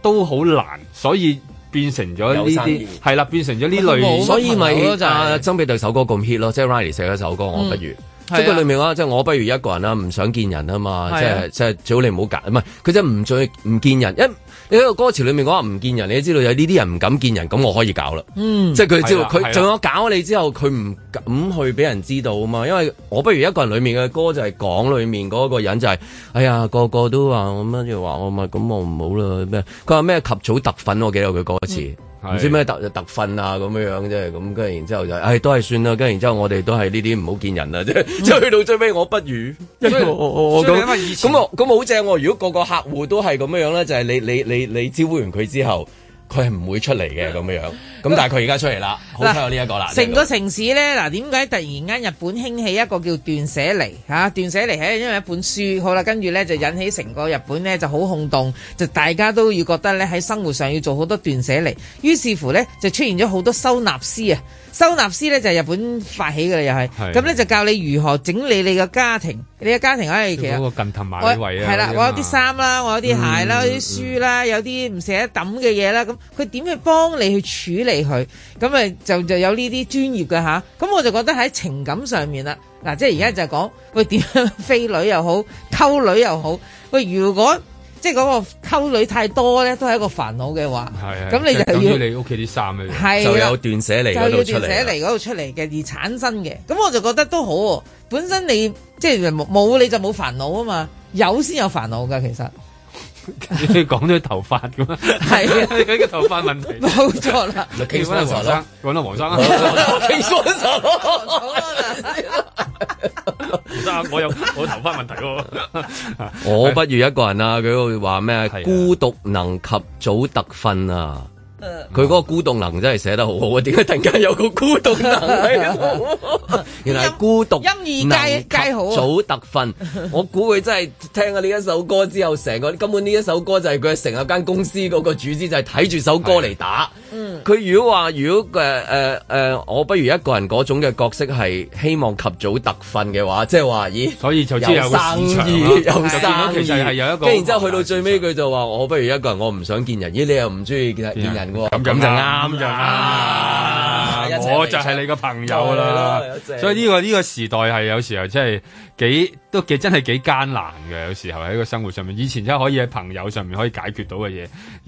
都好難，所以變成咗呢啲係啦，變成咗呢類。所以咪就曾、是、俾的對首歌咁 hit 咯，即係 Riley 寫咗首歌《我不如、嗯》。即佢裏面啊，即係我不如一個人啦，唔想見人啊嘛，即係即係最好你唔好搞，唔係佢即係唔再唔見人。因為你喺個歌詞裏面講唔見人，你都知道有呢啲人唔敢見人，咁我可以搞啦。即係佢知道佢，仲、啊啊、有搞你之後，佢唔敢去俾人知道啊嘛。因為我不如一個人裏面嘅歌就係講裏面嗰個人就係、是，哎呀個個都話我乜就話我咪咁我唔好啦咩？佢話咩，及早特訓，我記得佢講一次。嗯唔知咩特特訓啊，咁樣樣啫，咁跟住然之後就，唉、哎、都係算啦，跟住然之後我哋都係呢啲唔好見人啦，即係即係去到最尾，我不如，即係我咁咁咁我好正喎！如果個個客戶都係咁樣樣咧，就係、是、你你你你，你招呼完佢之後。佢係唔會出嚟嘅，咁樣咁，但係佢而家出嚟啦， 好彩有呢、這、一個啦。成個城市呢，嗱，點解突然間日本興起一個叫斷捨離嚇、啊？斷捨離係因為一本書，好啦，跟住呢就引起成個日本呢就好轟動，就大家都要覺得呢喺生活上要做好多斷捨離，於是乎呢，就出現咗好多收納師啊。收納師咧就係日本發起嘅又係，咁咧是就教你如何整理你個家庭，你個家庭可以其實嗰個近藤麻理惠啊，係啦我的，我有啲衫啦，嗯、我有啲鞋啦，啲書啦，有啲唔捨得抌嘅嘢啦，咁佢點去幫你去處理佢？咁咪就就有呢啲專業嘅吓。咁、啊、我就覺得喺情感上面啦，嗱、啊、即係而家就講喂點樣飛女又好，溝女又好，喂如果。即係嗰個溝女太多咧，都係一個煩惱嘅話。係的，咁你就係要就你屋企啲衫咧，的就有斷捨離嗰度出嚟嘅而產生嘅。咁我就覺得都好，本身你即係冇你就冇煩惱啊嘛，有先有煩惱㗎其實。 你講咗頭髮㗎嘛？係啊 是的，佢 個 頭髮問題冇錯啦。叫翻 黃生，講多 黃生啊。幾多 唔得 啊！我有我有頭髮問題，啊， 我不如一個人啊！佢會話咩孤獨能及早特訓啊！佢嗰、嗯、個孤獨能真係寫得好好啊！點解突然間有個孤獨能？ 原來孤獨音二階好，早特訓。我估佢真係聽咗呢一首歌之後，成個根本呢一首歌就係佢成日間公司嗰個主旨就係睇住首歌嚟打。佢的如果話如果誒誒、呃呃、我不如一個人嗰種嘅角色係希望及早特訓嘅話，即係話咦？所以就知有個市場咯。又生意，又生意，其實係有一個。跟然之後去到最尾，佢就話我不如一個人，我唔想見人。咦？你又唔中意見見人？的咁咁就啱就啱，就我就係你個朋友啦。了所以呢個呢個時代係有時候真係幾都幾真係幾艱難嘅。有時候喺個生活上面，以前真係可以喺朋友上面可以解決到嘅嘢，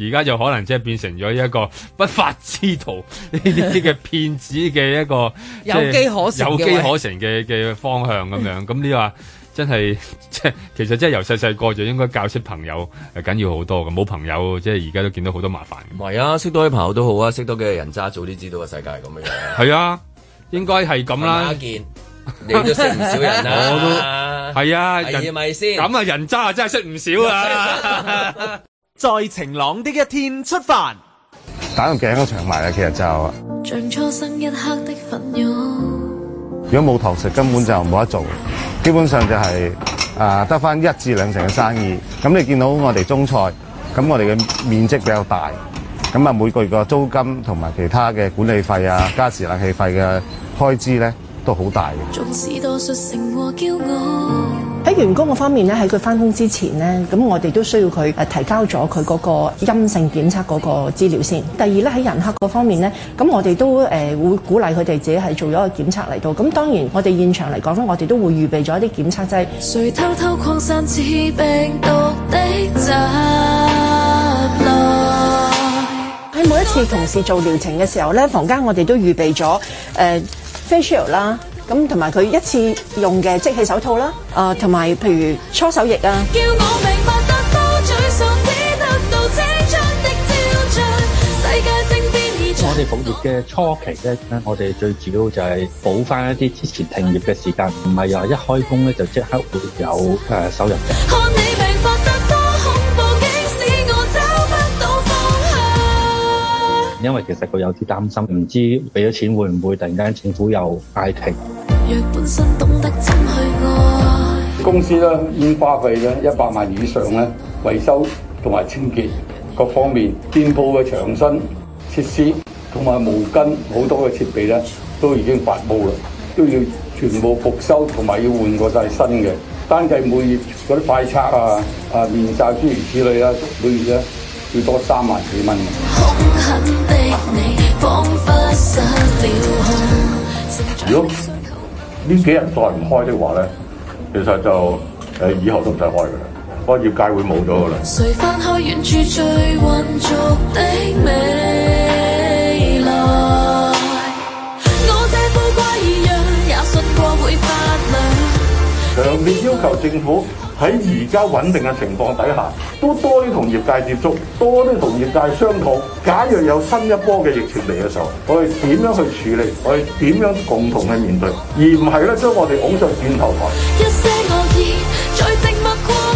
而家就可能即係變成咗一個不法之徒呢啲嘅騙子嘅一個 有機可有機可乘嘅嘅方向咁 樣。咁你話？真係即係，其實真係由細細個就應該教識朋友，係緊要好多嘅。冇朋友，即係而家都見到好多麻煩。唔係啊，識多啲朋友都好啊，識多嘅人渣早啲知道個世界係咁樣，啊。係 啊，應該係咁啦。阿健，你都識唔少人啊？ 我都係啊。係咪先？咁啊，人渣啊，真係識唔少啊。 再晴朗一的一天出發。打完嘅都搶埋啦，其實就，啊。像初生一刻的如果冇堂食，根本就冇得做，基本上就係啊得返一至兩成嘅生意。咁你見到我哋中菜，咁我哋嘅面積比較大，咁啊每個月個租金同埋其他嘅管理費啊、加時冷氣費嘅開支呢，都好大嘅。多和傲。喺員工嘅方面咧，喺佢翻工之前咧，咁我哋都需要佢誒提交咗佢嗰個陰性檢測嗰個資料先。第二咧喺人客嗰方面咧，咁我哋都誒、呃、會鼓勵佢哋自己係做咗個檢測嚟到。咁當然我哋現場嚟講咧，我哋都會預備咗一啲檢測劑。喺每一次同事做療程嘅時候咧，房間我哋都預備咗誒。呃 facial 啦，咁同埋佢一次用嘅即棄手套啦，啊同埋譬如搓手液啊。叫我明白得得到青春的照進世界正變 我哋復業嘅初期咧，我哋最主要就係補翻一啲之前停業嘅時間，唔係話一開工咧就即刻會有誒收入嘅。因為其實佢有啲擔心，唔知俾咗錢會唔會突然間政府又嗌停？公司咧，煙花費咗一百萬以上呢，維修同埋清潔各方面，店舖嘅牆身設施同埋毛巾好多嘅設備呢都已經發烏啦，都要全部復修同埋要換過晒新嘅。單計每月嗰啲快測啊，啊、面罩諸如此類啦，每月啊。最多三萬幾蚊。如果呢幾日再唔開的話咧，其實就誒以後都唔使開㗎啦，個業界會冇咗㗎啦。強烈 要求政府。喺而家穩定嘅情況底下，都多啲同業界接觸，多啲同業界商討。假若有新一波嘅疫情嚟嘅時候，我哋點樣去處理？我哋點樣共同去面對？而唔係咧，將我哋推上斷頭台。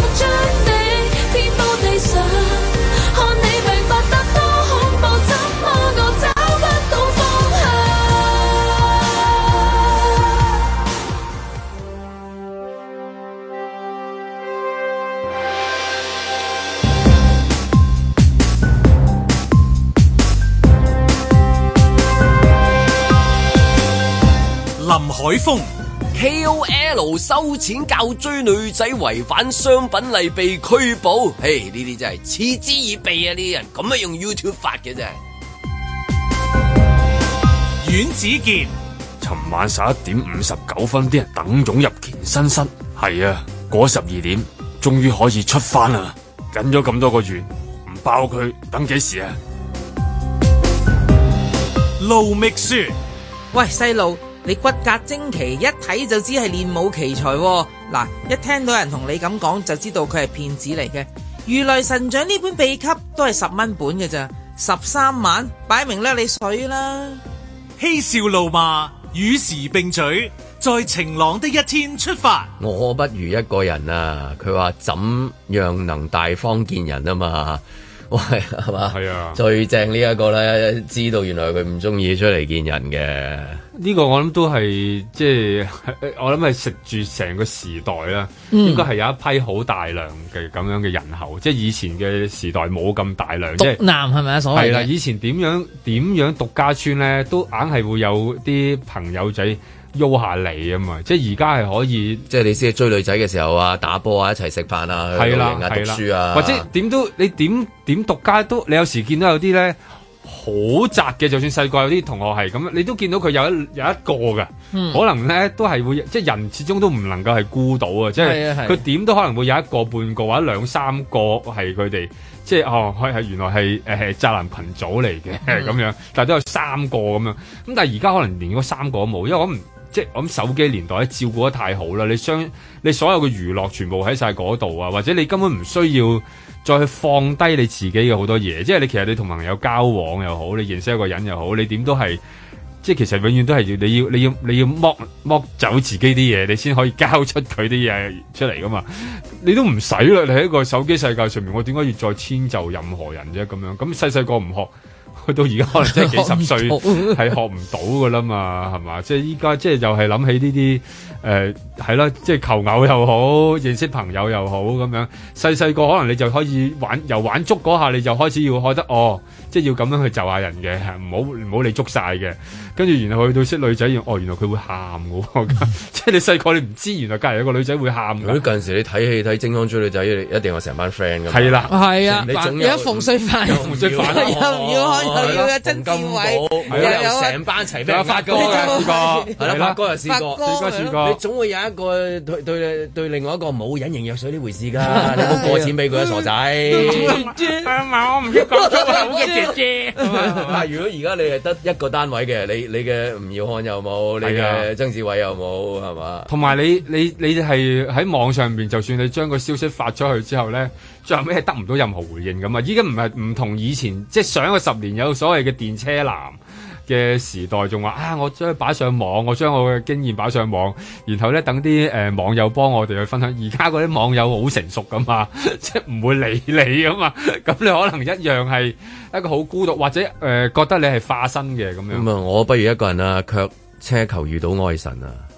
海峰 K O L 收錢教追女仔，違反商品例被拘捕。嘿，呢啲真係嗤之以鼻啊！呢啲人咁啊用 YouTube 發嘅啫。阮子健，尋晚十一點五十九分，啲人等湧入健身室，係啊，過十二點，終於可以出翻啦。忍咗咁多個月，唔爆佢等幾時啊？盧覓雪，喂細路。弟弟你骨骼精奇，一睇就知係練武奇才，哦。嗱，一聽到人同你咁講，就知道佢係騙子嚟嘅。《如來神掌》呢本秘笈都係十蚊本嘅咋，十三萬擺明甩你水啦。嬉笑怒罵，與時並舉，在晴朗的一天出發。我不如一個人啊。佢話怎樣能大方見人啊？嘛，喂，係咪？係啊。最正呢一個咧，知道原來佢唔中意出嚟見人嘅。呢個我諗都係即係，我諗係食住成個時代啦。應該係有一批好大量嘅咁樣嘅人口，即係以前嘅時代冇咁大量。獨男係咪啊？是所謂係啦，以前點樣點樣獨家村咧，都硬係會有啲朋友仔喐下你啊嘛。即係而家係可以，即係你先係追女仔嘅時候啊，打波啊，一齊食飯啊，去學嘢啊，讀書啊，或者點都你點點獨家都，你有時見到有啲咧。好窄嘅，就算細個有啲同學係咁，你都見到佢有一有一個嘅，嗯、可能咧都係會即係人始終都唔能夠係孤島啊！嗯、即係佢點都可能會有一個半個或者兩三個係佢哋，即係哦，係係原來係誒宅男群組嚟嘅咁樣，但係都有三個咁樣。咁但係而家可能連嗰三個都冇，因為我唔即係我諗手機年代照顧得太好啦，你將你所有嘅娛樂全部喺晒嗰度啊，或者你根本唔需要。再去放低你自己嘅好多嘢，即係你其實你同朋友交往又好，你認識一個人又好，你點都係，即係其實永遠都係要你要你要你要剝剝走自己啲嘢，你先可以交出佢啲嘢出嚟㗎嘛？你都唔使啦，你喺個手機世界上面，我點解要再遷就任何人啫？咁樣咁細細個唔學。去到而家可能即係幾十歲係 學唔到噶啦嘛，係嘛？即係依家即係又係諗起呢啲，誒、呃、係啦，即係求偶又好，認識朋友又好咁樣。細細個可能你就開始玩，由玩足嗰下你就開始要學得哦。即係要咁樣去就下人嘅，唔好唔好你捉晒嘅。跟住然後去到識女仔，哦原來佢會喊嘅，即係你細個你唔知，原來隔離一個女仔會喊。嗰陣時你睇戲睇《精裝追女仔》，一定係成班 friend 嘅。係啦，係啊，有馮淬帆，有有有有曾志偉，又成班齊咩？有發哥嘅，係啦，發哥又試過，你總會有一個對對對另外一個冇隱形藥水呢回事㗎，你冇過錢俾佢啊，傻仔！ 但係如果而家你係得一個單位嘅，你你嘅吳耀漢有冇？你嘅是、啊、曾志偉有冇？係嘛？同埋你你你係喺網上邊，就算你將個消息發出去之後咧，最後尾係得唔到任何回應㗎嘛。依家唔係唔同以前，即係上個十年有所謂嘅電車男。嘅時代仲話啊，我將佢擺上網，我將我嘅經驗擺上網，然後咧等啲誒、呃、網友幫我哋去分享。而家嗰啲網友好成熟㗎嘛，即係唔會理你啊嘛。咁你可能一樣係一個好孤獨，或者誒、呃、覺得你係化身嘅咁樣。咁啊、嗯，我不如一個人啊，卻奢求遇到愛神啊。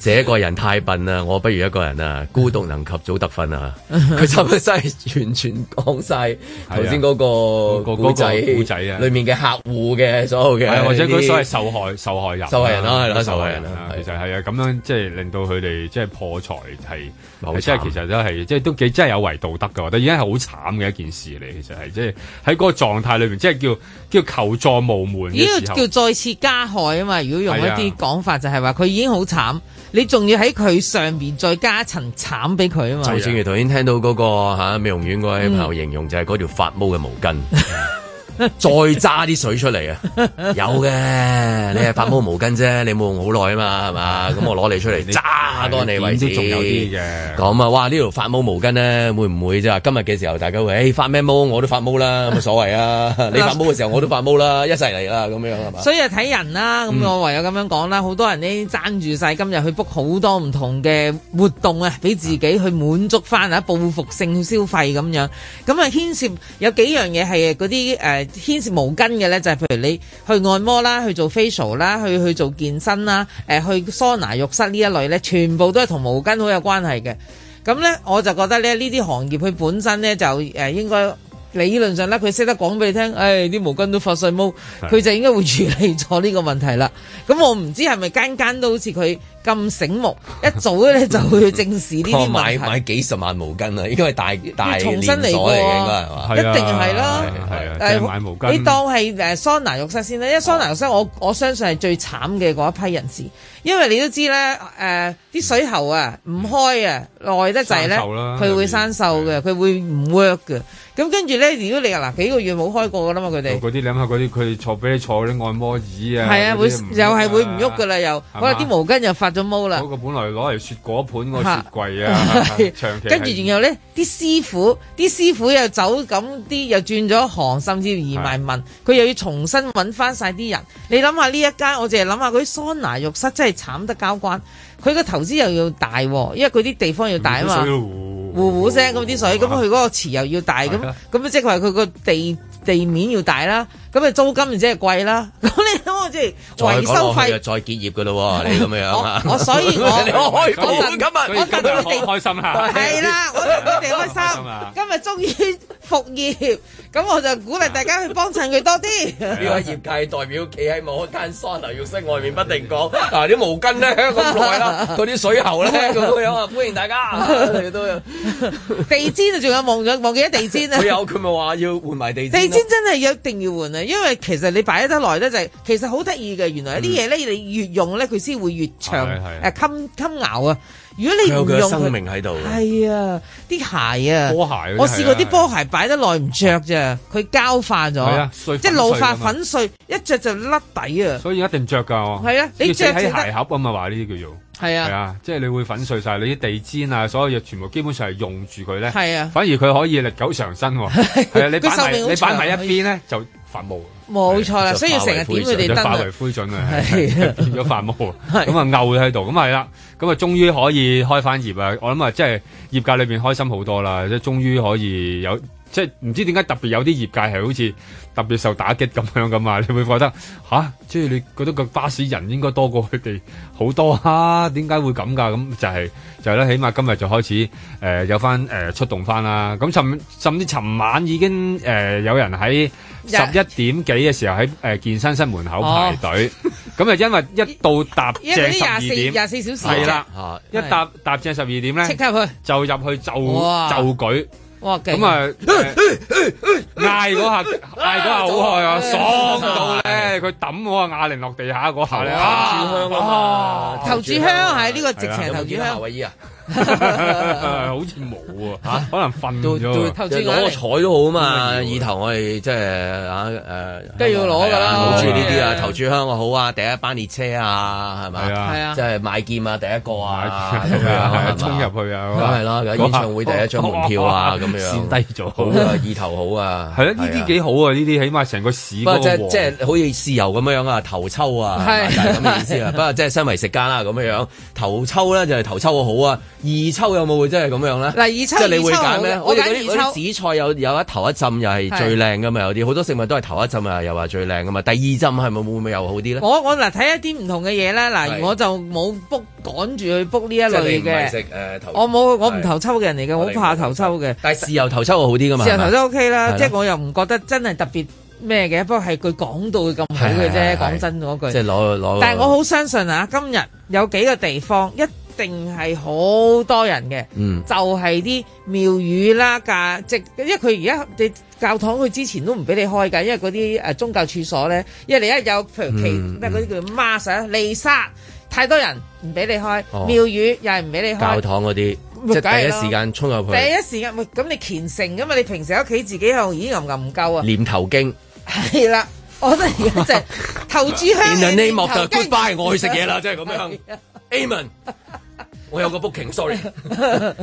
這個人太笨啦，我不如一個人啊，孤獨能及早得分啊。佢真係完全講晒頭先嗰個故仔，故仔啊，裏面嘅客戶嘅所有嘅，或者佢所謂受害受害人，受害人啦，係啦，受害人啦，其實係啊，咁樣即係令到佢哋即係破財，係即係其實都係，即係都幾真係有違道德噶。覺得而家係好慘嘅一件事嚟，其實係即係喺嗰個狀態裏面，即係叫叫求助無門呢個叫再次加害啊嘛。如果用一啲講法。就係話佢已經好慘，你仲要喺佢上邊再加一層慘俾佢啊嘛！就正如頭先聽到嗰個嚇美容院嗰位朋友形容，就係嗰條發毛嘅毛巾。 再揸啲水出嚟啊！有嘅，你係發毛毛巾啫，你冇用好耐啊嘛，係嘛？咁我攞你出嚟揸多你位置，仲有啲嘅。咁啊，哇！呢、這、條、個、發毛毛巾咧，會唔會即係今日嘅時候，大家會誒、欸、發咩毛，我都發毛啦，冇乜 所謂啊！ 你發毛嘅時候，我都發毛啦， 一齊嚟啦，咁樣係嘛？所以睇人啦、啊，咁我唯有咁樣講啦。好、嗯、多人呢，爭住晒今日去 book 好多唔同嘅活動啊，俾自己去滿足翻啊， 報復性消費咁樣。咁啊，牽涉有幾樣嘢係嗰啲誒。 牽涉毛巾嘅呢，就係、是、譬如你去按摩啦，去做 facial 啦，去去做健身啦，誒、呃，去桑拿浴室呢一類呢，全部都係同毛巾好有關係嘅。咁呢，我就覺得呢呢啲行業佢本身呢，就誒應該。理論上咧，佢識得講俾你聽，誒啲毛巾都發細毛，佢就應該會處理咗呢個問題啦。咁我唔知係咪間間都好似佢咁醒目，一早咧就會去正視呢啲問題。買買幾十萬毛巾啊，應該係大大連鎖嚟㗎嘛，係一定係啦。係啊，淨買毛巾。你當係誒桑拿浴室先啦，因為桑拿浴室我我相信係最慘嘅嗰一批人士，因為你都知咧，誒啲水喉啊唔開啊耐得滯咧，佢會生鏽嘅，佢會唔 work 嘅。咁跟住咧，如果你嗱幾個月冇開過噶啦嘛，佢哋嗰啲你諗下，嗰啲佢坐俾你坐啲按摩椅啊，係啊，會啊又係會唔喐噶啦又，我話啲毛巾又發咗毛啦，嗰個本來攞嚟雪果盤個雪櫃啊， 的跟住然後咧，啲師傅啲師傅又走咁，啲又轉咗行，甚至移埋問佢又要重新揾翻晒啲人。你諗下呢一間，我淨係諗下嗰啲桑拿浴室真係慘得交關，佢個投資又要大，啊，因為佢啲地方要大啊要大嘛。呼呼聲咁啲水，咁佢嗰個池又要大，咁咁吧即係話佢個地地面要大啦。咁啊，租金唔知係貴啦。咁 你諗即先，維修費再結業噶咯、啊，你咁樣 我所以我開講， 可以今日我特別開心下、啊。係 啦、啊，我特別開心。開心啊、今日終於復業，咁我就鼓勵大家去幫襯佢多啲。呢個 業界代表企喺某間山頭浴室外面不定講：嗱啲、 啊、毛巾咧咁耐啦，嗰啲 水喉咧咁樣啊，歡迎大家。你都有地氈啊？仲有忘咗忘記咗地氈啊？ 佢有佢咪話要換埋地氈？地氈真係一定要換啊！因為其實你擺得耐咧，就係其實好得意嘅。原來有啲嘢咧，你越用咧，佢先會越長誒，襟襟咬啊！如果你唔用，佢嘅生命喺度它。係它啊，啲鞋啊，波鞋，我試過啲波鞋擺得耐唔着啫，佢膠的化咗，碎碎即係老化粉碎，嘛一着就甩底啊！所以一定着噶，係啊，你着整鞋盒啊嘛，話呢啲叫做。係啊，即係你會粉碎晒你啲地氈啊，所有嘢全部基本上係用住佢咧。係啊，反而佢可以歷久常新。係啊，你擺埋你擺埋一邊咧，就發毛。冇錯啦，所以成日點佢哋化為灰燼。變咗發毛，咁啊漚喺度，咁啊係啦，咁啊終於可以開翻業啊。我諗啊，即係業界裏邊開心好多啦，即係終於可以有。即係唔知點解特別有啲業界係好似特別受打擊咁樣咁啊！你會覺得吓，即係你覺得個巴士人應該多過佢哋好多啊？點解會咁噶、啊？咁就係、係、就咧、係，起碼今日就開始誒、呃、有翻誒、呃、出動翻啦。咁甚甚至尋晚已經誒、呃、有人喺十一點幾嘅時候喺誒、呃、健身室門口排隊。咁啊， 因為一到搭正十二點，廿四小時係啦，了啊、一搭搭正十二點咧，即刻去就入去就就舉。咁啊，嗌嗰下，嗌嗰下好害啊， 爽到呢，咧，佢抌嗰個啞鈴落地下嗰下咧，哇頭炷香，啊啊、香啊，啊頭炷香係、啊、呢的個直情的頭炷香，夏威夷啊。好似冇啊，可能瞓到，投攞個彩都好啊嘛，意頭我哋即係啊誒，都要攞噶啦。投注呢啲啊，投注香個好啊，第一班列車啊，係咪？係啊，即係買劍啊，第一個啊，係啊，衝入去啊，係咯。演唱會第一張門票啊，咁樣。先低咗，意頭好啊。係啊，呢啲幾好啊，呢啲起碼成個市。不過即係好似豉油咁樣啊，頭抽啊，係咁嘅意思啊。不過即係身為食家啦，咁樣樣頭抽咧就係頭抽個好啊。二抽有冇會真係咁樣咧？嗱，二抽，即係你會揀咧，我哋啲嗰啲紫菜有有一頭一浸又係最靚噶嘛，有啲好多食物都係頭一浸啊，又話最靚噶嘛。第二浸係咪會唔會又好啲咧？我我嗱睇一啲唔同嘅嘢咧，嗱我就冇 book 趕住去 book 呢一類嘅，我冇我唔頭抽嘅人嚟嘅，我好怕頭抽嘅。但係豉油頭抽會好啲噶嘛？豉油頭都 OK 啦，即係我又唔覺得真係特別咩嘅，不過係佢講到咁好嘅啫，講真嗰句。即係攞攞。但係我好相信啊，今日有幾個地方一。定係好多人嘅，就係啲廟宇啦、價值，因為佢而家你教堂佢之前都唔俾你開噶因為嗰啲誒宗教處所咧，一嚟一有譬如其咩嗰啲叫孖上利煞，太多人唔俾你開廟宇又係唔俾你開教堂嗰啲，即係第一時間衝入去。第一時間，喂，咁你虔誠噶嘛？你平時喺屋企自己用已經暗暗唔夠啊！念頭經係啦，我真係正投資香。然後呢幕就 goodbye，我去食嘢啦，即係咁樣。Amen。我有個 booking，sorry，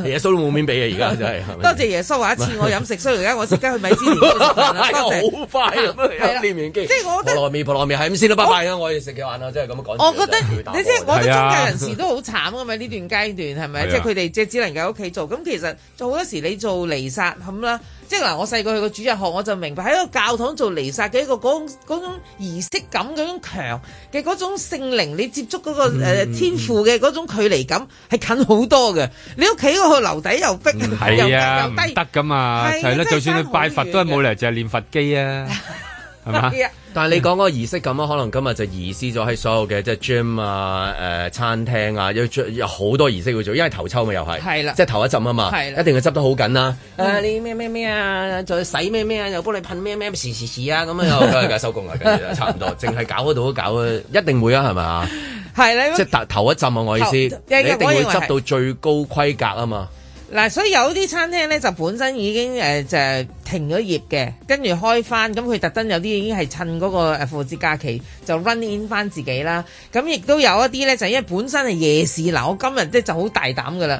耶穌都冇面俾啊！而家真係，多謝耶穌話一次我飲食，所以而家我食雞去米芝蓮。多謝好快啊，係啦，念完經，即係我覺得菠蘿麵，菠蘿麵係咁先啦，拜拜啦，我哋食嘅話，我真係咁樣講。我覺得你知，我覺得宗教人士都好慘㗎嘛，呢段階段係咪？即係佢哋即係只能夠喺屋企做。咁其實做好多時你做彌撒咁啦。即係嗱，我細個去個主日學，我就明白喺個教堂做彌撒嘅一個嗰嗰種儀式感，嗰種強嘅嗰種聖靈，你接觸嗰、那個誒、呃、天父嘅嗰種距離感係近好多嘅。你屋企嗰個樓底又逼、嗯啊，又低低，唔得噶嘛。係啦，就算你拜佛都係冇理由就係練佛機啊。 但係你講嗰個儀式咁啊，可能今日就移師咗喺所有嘅即係 gym 啊、誒、呃、餐廳啊，有好多儀式要做，因為頭抽咪又係，係啦的，即係頭一浸啊嘛，的一定要執得好緊啦、啊啊。你咩咩咩啊？再洗咩咩啊？又幫你噴咩咩時時時啊？咁啊，又都係㗎，收工啦，跟住差唔多，淨係搞嗰度都搞啊，一定會啊，係咪啊？係的即係頭一浸啊，我意思，你一定會執到最高規格啊嘛。嗱，所以有啲餐廳咧就本身已經誒、呃、就停咗業嘅，跟住開翻，咁佢特登有啲已經係趁嗰個誒復活節假期就 run in 翻自己啦。咁亦都有一啲咧就因為本身係夜市，嗱，我今日即就好大膽噶啦。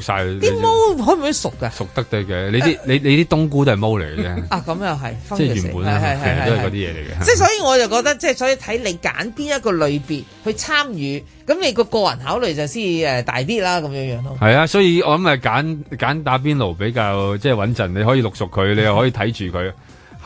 晒啲毛可唔可以熟㗎？熟得啲嘅，你啲 chin 你你啲冬菇都係毛嚟嘅啫。啊，咁又係，即係原本係、啊、係 都係嗰啲嘢嚟嘅。即係、 嗯、 所以我就覺得，即、就、係、是、所以睇你揀邊一個類別去參與，咁你個個人考慮就先誒大啲啦，咁樣樣咯。係啊，所以我諗啊揀揀打邊爐比較即係穩陣，你可以錄熟佢，你又可以睇住佢。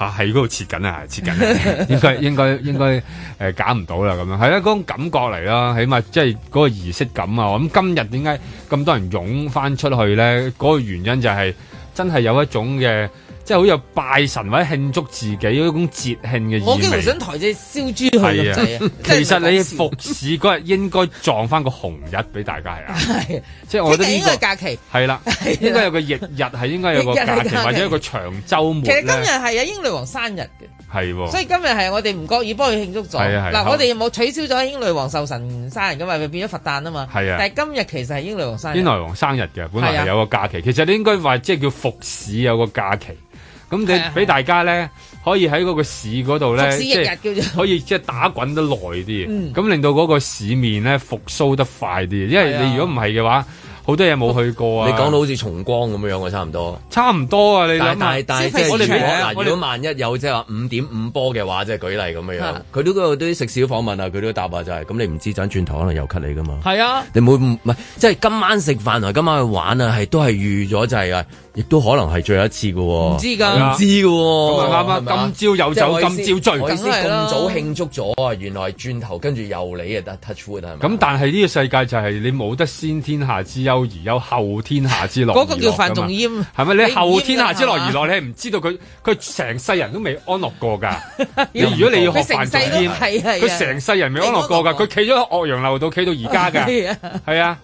嚇喺嗰度切緊啊，切緊，應該 應該應該誒、呃、搞唔到啦咁樣，係啦，嗰種感覺嚟啦，起碼即係嗰個儀式感啊。咁今日點解咁多人湧返出去咧？嗰、嗰個原因就係、係、真係有一種嘅。即係好有拜神或者慶祝自己嗰種節慶嘅意味。我竟然想抬隻燒豬去。係啊，其實你服侍嗰日應該撞翻個紅日俾大家啊。係，即係我覺得呢個假期係啦，應該有個翌日係應該有個假期或者有個長周末。其實今日係有英女王生日嘅，係喎。所以今日係我哋唔覺意幫佢慶祝咗。嗱，我哋冇取消咗英女王壽辰生日嘅嘛，咪變咗佛誕啊嘛。係啊。但係今日其實係英女王生日。英女王生日嘅本來有個假期，其實你應該話即係叫服侍有個假期。咁你俾大家咧，可以喺嗰個市嗰度咧，即係可以即係打滾得耐啲，咁令到嗰個市面咧復甦得快啲。因為你如果唔係嘅話，好多嘢冇去過啊。你講到好似重光咁樣樣，我差唔多，差唔多啊！你但但即我哋唔可嗱，如果萬一有即係話五點五波嘅話，即係舉例咁樣樣，佢都個啲食小訪問啊，佢都答話就係咁，你唔知盞轉頭可能又 cut 你噶嘛。係啊，你冇唔唔係即係今晚食飯同今晚去玩啊，係都係預咗就係啊。亦都可能係最後一次嘅喎，唔知噶，唔知嘅喎。咁啊啱啱今朝有酒今朝醉，先咁早慶祝咗啊！原來轉頭跟住又你啊得 touch wood，係咪？咁但係呢個世界就係你冇得先天下之憂而有後天下之樂。嗰個叫范仲淹，係咪你後天下之樂而樂？你係唔知道佢佢成世人都未安樂過㗎。你如果你要學范仲淹，佢成世人未安樂過㗎。佢企咗岳陽樓到企到而家㗎，係啊。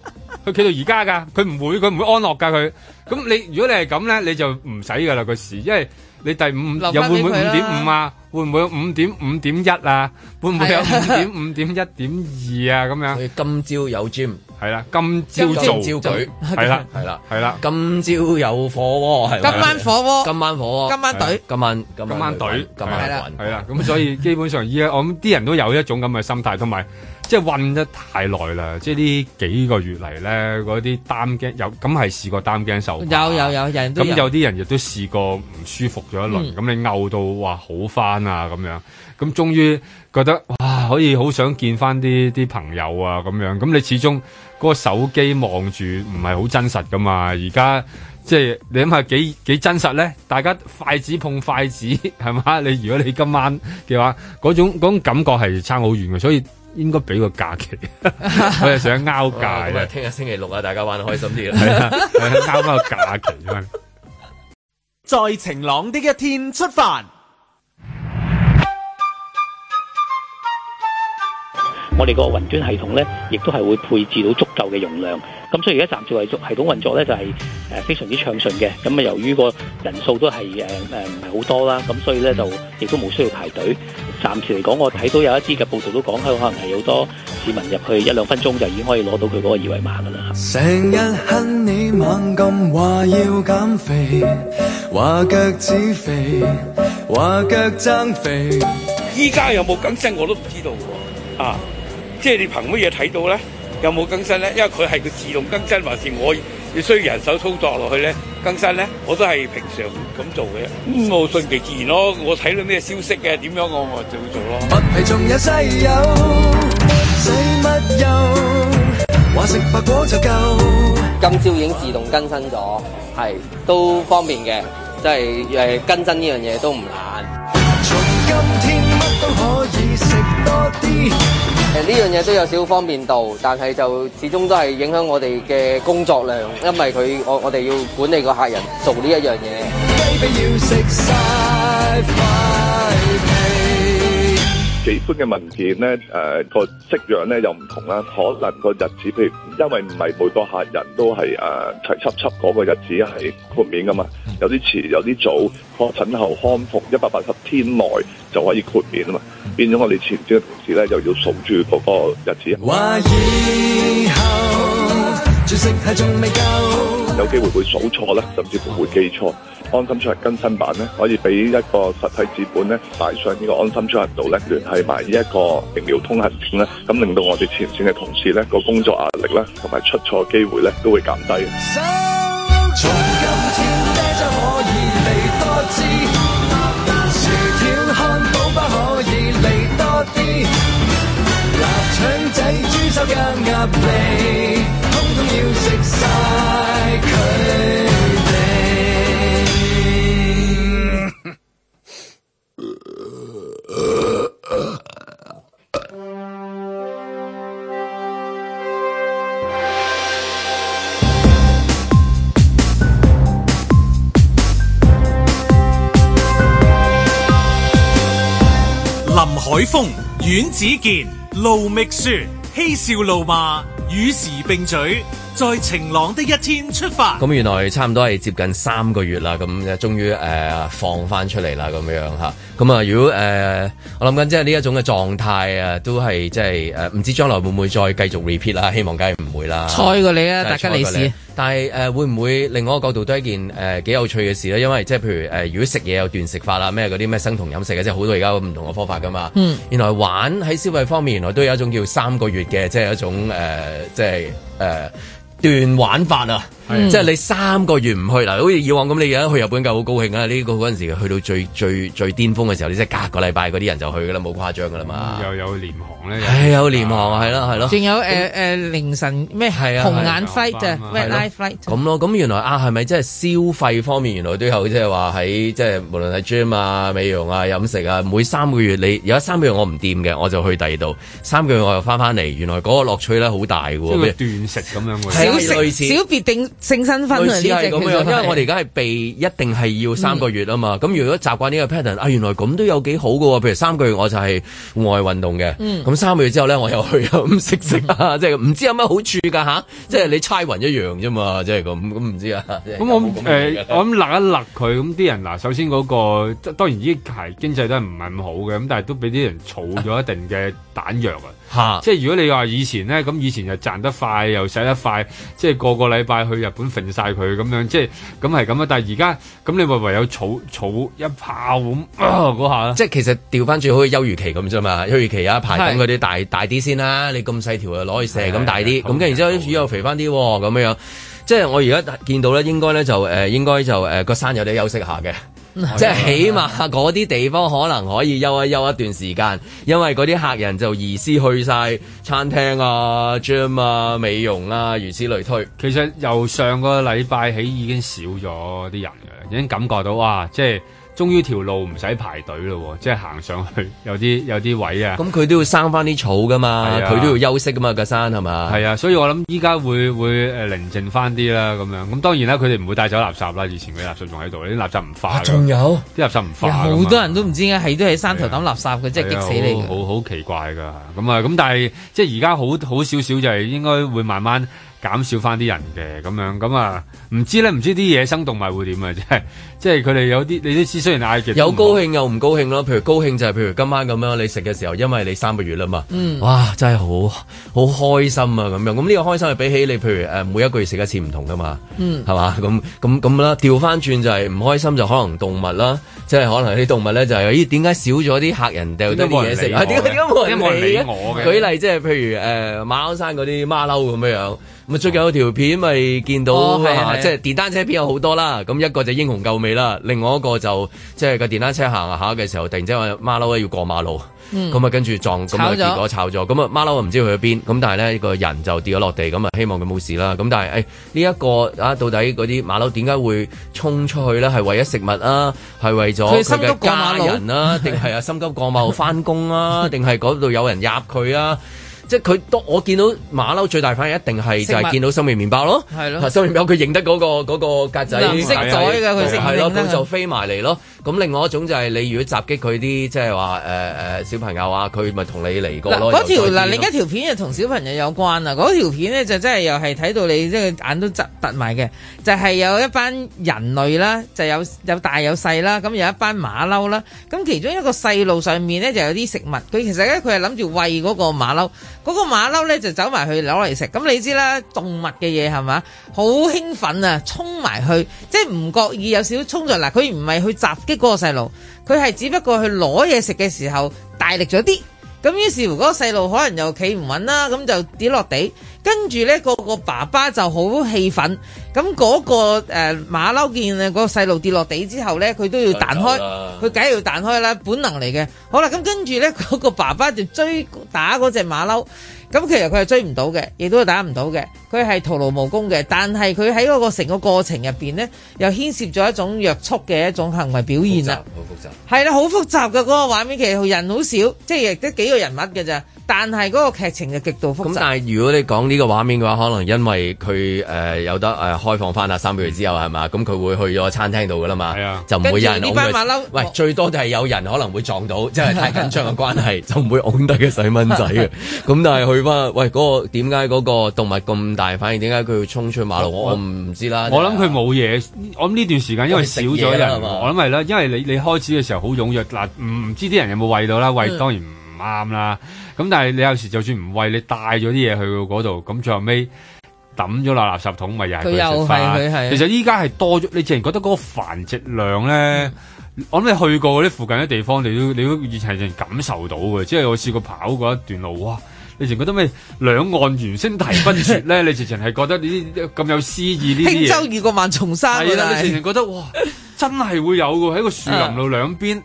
佢企到而家噶，佢唔會，佢唔會安樂噶佢。咁你如果你係咁咧，你就唔使噶啦個事，因為你第五又會唔會五點五啊？會唔會五點五點一啊？會唔會有五點五點一點二啊？咁樣。今朝有 gym，係啦，今朝做就佢，係啦，係啦，係啦，今朝有火鍋，今晚火鍋，今晚火鍋，今晚隊，今晚，今晚隊，今晚群，係啦，咁所以基本上而家我諗啲人都有一種咁嘅心態，同埋。即係混得太耐啦，即係呢幾個月嚟咧，嗰啲擔驚有咁係試過擔驚受過，有有有咁有啲人亦都試過唔舒服咗一輪。咁、嗯、你嘔到話好翻啊咁樣，咁終於覺得哇可以好想見翻啲啲朋友啊咁樣。咁你始終嗰個手機望住唔係好真實噶嘛。而家即係你諗下幾幾真實咧？大家筷子碰筷子係嘛？你如果你今晚嘅話，嗰種嗰種感覺係差好遠嘅，所以。應該俾個假期 我假，我哋想拗假。聽日星期六啊，大家玩得開心啲啦。係啊，拗、嗯、翻個假期。再 晴朗啲嘅天出發。我哋個雲端系統咧，亦都係會配置到足夠嘅容量。咁所以而家暫時為續系統運作咧，就係、是、誒非常之暢順嘅。咁啊，由於個人數都係誒誒唔係好多啦，咁所以咧就亦都冇需要排隊。暫時嚟講，我睇到有一啲嘅報道都講，可能係好多市民入去一兩分鐘就已經可以攞到佢嗰個二維碼噶啦。成日恨你猛咁話要減肥，話腳趾肥，話腳增肥。依家有冇減真我都唔知道喎。啊！即係你憑乜嘢睇到咧？有冇更新咧？因為佢係佢自動更新還是我要需要人手操作落去咧更新咧？我都係平常咁做嘅，咁我順其自然咯。我睇到咩消息嘅，點樣我咪就會做咯。今朝已經自動更新咗，係都方便嘅，即係誒更新呢樣嘢都唔難。今天乜都可以食多啲，誒，呢樣嘢都有少方便度，但係就始終都係影響我哋嘅工作量，因為佢我我哋要管理個客人做呢一樣嘢。喜歡嘅文件咧，誒、呃這個式樣咧又唔同啦，可能個日子，譬如因為唔係每個客人都係誒齊輯輯嗰個日子係豁免噶嘛，有啲遲有啲早，確診後康復一百八十天內就可以豁免啊嘛，變咗我哋前瞻嘅同事咧，又要數住嗰個日子。有機會會數錯咧，甚至乎會記錯。安心出行更新版咧，可以俾一個實體紙本咧，擺上呢個安心出行度咧，聯繫埋呢一個疫苗通行證咧，咁令到我哋前線嘅同事咧，個工作壓力咧，同埋出錯機會咧，都會減低。Love turns into something 海風阮子健、盧覓書，嬉笑怒罵與時並舉。在晴朗的一天出發，咁原來差唔多係接近三個月啦，咁終於誒、呃、放翻出嚟啦，咁樣嚇。咁啊，如果誒、呃、我諗緊，即係呢一種嘅狀態啊，都係即係誒，唔、哦、知將來會唔會再繼續 repeat 啦？希望梗係唔會啦。猜過你啊，大家歷史。但係誒、呃，會唔會另外一個角度都係一件誒幾、呃、有趣嘅事咧？因為即係譬如誒、呃，如果食嘢有斷食法啦，咩嗰啲咩生酮飲食嘅，即係好多而家唔同嘅方法噶嘛。嗯、原來玩喺消費方面，原來都有一種叫三個月嘅，即係一種誒，即係誒。段玩法啊！即係你三個月唔去嗱，好似以往咁，你而家去日本就好高興啊！呢個嗰陣時去到最最最巔峰嘅時候，你即係隔個禮拜嗰啲人就去嘅啦，冇誇張嘅啦嘛。又有廉航咧，係有廉航，係咯係咯。仲有誒誒凌晨咩係啊紅眼飛嘅 red eye flight 咁咯。咁原來啊係咪即係消費方面原來都有即係話喺即係無論係 gym 啊、美容啊、飲食啊，每三個月你有一三個月我唔掂嘅，我就去第二度，三個月我又翻翻嚟。原來嗰個樂趣咧好大嘅喎，斷食咁樣喎，小食性身分啊！類似樣因為我哋而家係被一定係要三個月啊嘛，咁、嗯、如果習慣呢個 pattern，啊原來咁都有幾好噶喎！譬如三個月我就係戶外運動嘅，咁、嗯嗯、三個月之後咧我又去咁食食啊，即係唔知有乜好處㗎嚇、啊！即係你猜雲一樣啫嘛，即係咁，咁唔知啊？咁我誒，我咁揦、呃、一勒佢，咁啲人嗱，首先嗰、嗰個當然呢排經濟都係唔係咁好嘅，咁但係都俾啲人儲咗一定嘅、啊。彈藥啊！嚇，即係如果你話以前咧，咁以前就賺得快，又使得快，即係個個禮拜去日本揈晒佢咁樣，即係咁係咁啊！但係而家咁你咪唯有儲儲一炮咁嗰下，即係其實調翻轉好似休漁期咁啫嘛，休漁期啊排緊嗰啲大大啲先啦，你咁細條啊攞去射咁是大啲，咁跟是然之後啲魚又肥翻啲咁樣樣。即係我而家見到咧，應該咧就誒、呃、應該就誒個、呃呃呃、山有得休息下嘅。即係起碼嗰啲地方可能可以休一休一段時間，因為嗰啲客人就移師去晒餐廳啊、gym 啊、美容啦、啊，如此類推。其實由上個禮拜起已經少咗啲人嘅，已經感覺到哇，即係。終於條路唔使排隊咯，即係行上去有啲有啲位啊！咁佢、嗯、都要生返啲草㗎嘛，佢、啊、都要休息㗎嘛，個山係嘛？係啊，所以我諗依家會會誒寧靜返啲啦，咁、呃、樣。咁當然啦，佢哋唔會帶走垃圾啦，以前嘅垃圾仲喺度，啲垃圾唔化。仲、啊、有啲垃圾唔化。好多人都唔知啊，係都喺山頭抌垃圾嘅，啊、即係激死你、啊。好好奇怪㗎，咁啊，咁、嗯、但係即係而家好好少少就係應該會慢慢。減少翻啲人嘅咁樣咁啊，唔知咧，唔知啲野生動物會點啊！即係即係佢哋有啲你都知，雖然埃及有高興又唔高興啦。譬如高興就係、是、譬如今晚咁樣，你食嘅時候，因為你三個月啦嘛，嗯，哇，真係好好開心啊！咁樣咁呢個開心，比起你譬如誒、呃、每一個月食一次唔同噶嘛，嗯，係嘛？咁咁咁啦，調翻轉就係、是、唔開心就可能動物啦，即係可能啲動物咧就係咦點解少咗啲客人掉多啲嘢食啊？點解點解冇人理我嘅？舉例即、就、係、是、譬如誒、呃、馬鞍山啲馬騮咁樣樣。咁、嗯、最近有條片咪、哦、見到，啊、是是即係電單車片有好多啦。咁一個就英雄救美啦，另外一個就即係個電單車行下嘅時候，突然之間馬騮咧要過馬路，咁啊、嗯、跟住撞，咁結果炒咗。咁啊馬騮唔知去咗邊，咁但係呢個人就跌咗落地，咁啊希望佢冇事啦。咁但係誒呢一個啊，到底嗰啲馬騮點解會衝出去呢？係為咗食物啊，係為咗佢嘅家人啊，定係啊心急過馬路返工、嗯、啊，定係嗰度有人夾佢啊？即係佢都，我見到馬騮最大反應一定係就係見到生命麵包咯。係咯，生命麵包佢認得嗰、那個嗰、那個格仔，係、嗯、咯，佢就飛埋嚟咯。咁另外一種就係、是、你如果襲擊佢啲即係話誒誒小朋友啊，佢咪同你離過咯。嗰條嗱你而家另一條片就同小朋友有關啊！嗰條片咧就真係又係睇到你即係眼都窒突埋嘅，就係、是、有一班人類啦，就有有大有細啦，咁有一班馬騮啦，咁其中一個細路上面咧就有啲食物，佢其實咧佢係諗住餵嗰個馬騮。嗰個馬騮咧就走埋去攞嚟食，咁你知啦，動物嘅嘢係嘛，好興奮啊，衝埋去，即係唔覺意有少少衝咗。嗱，佢唔係去襲擊嗰個細路，佢係只不過去攞嘢食嘅時候大力咗啲，咁於是乎嗰個細路可能又企唔穩啦，咁就跌落地。跟住呢、嗰個爸爸就好氣憤。咁、嗰、嗰個誒馬騮見個細路跌落地之後呢，佢都要彈開，佢梗係要彈開啦，本能嚟嘅。好啦，咁跟住呢，個、嗰個爸爸就追打嗰隻馬騮。咁其實佢係追唔到嘅，亦都係打唔到嘅，佢係徒勞無功嘅。但係佢喺嗰個成個過程入邊呢，又牽涉咗一種約束嘅一種行為表現啦。好複雜，係啦，好複雜嘅嗰、嗰個畫面，其實人好少，即係亦都幾個人物嘅咋。但係嗰個劇情就極度複雜。但係如果你講呢？呢個畫面嘅話，可能因為佢誒有得誒開放翻啊，三個月之後係嘛？咁佢會去咗餐廳度噶啦嘛，啊，就唔會有人擁擠。喂，最多就係有人可能會撞到，即係太緊張嘅關係，就唔會擁擠嘅細蚊仔。咁但係去翻，喂嗰個點解嗰個動物咁大，反而點解佢要衝出馬路？我唔知啦。我諗佢冇嘢，我諗呢段時間因為少咗人，我諗係啦，因為你你開始嘅時候好踴躍，嗱唔知啲人有冇喂到啦？喂，當然啱啦，咁但係你有時就算唔喂，你帶咗啲嘢去到嗰度，咁最後尾抌咗落垃圾桶，咪又係佢食翻。佢又係佢係。其實依家係多咗，你直情覺得嗰個繁殖量咧，我諗你去過嗰啲附近嘅地方，你都你都直情感受到嘅。即係我試過跑過一段路，哇！你直情覺得咩兩岸猿聲啼不絕咧？ 你直情係覺得呢啲咁有詩意呢啲嘢，輕舟已過萬重山。係啦對，是你直情覺得哇，真係會有嘅喺個樹林路兩邊，uh,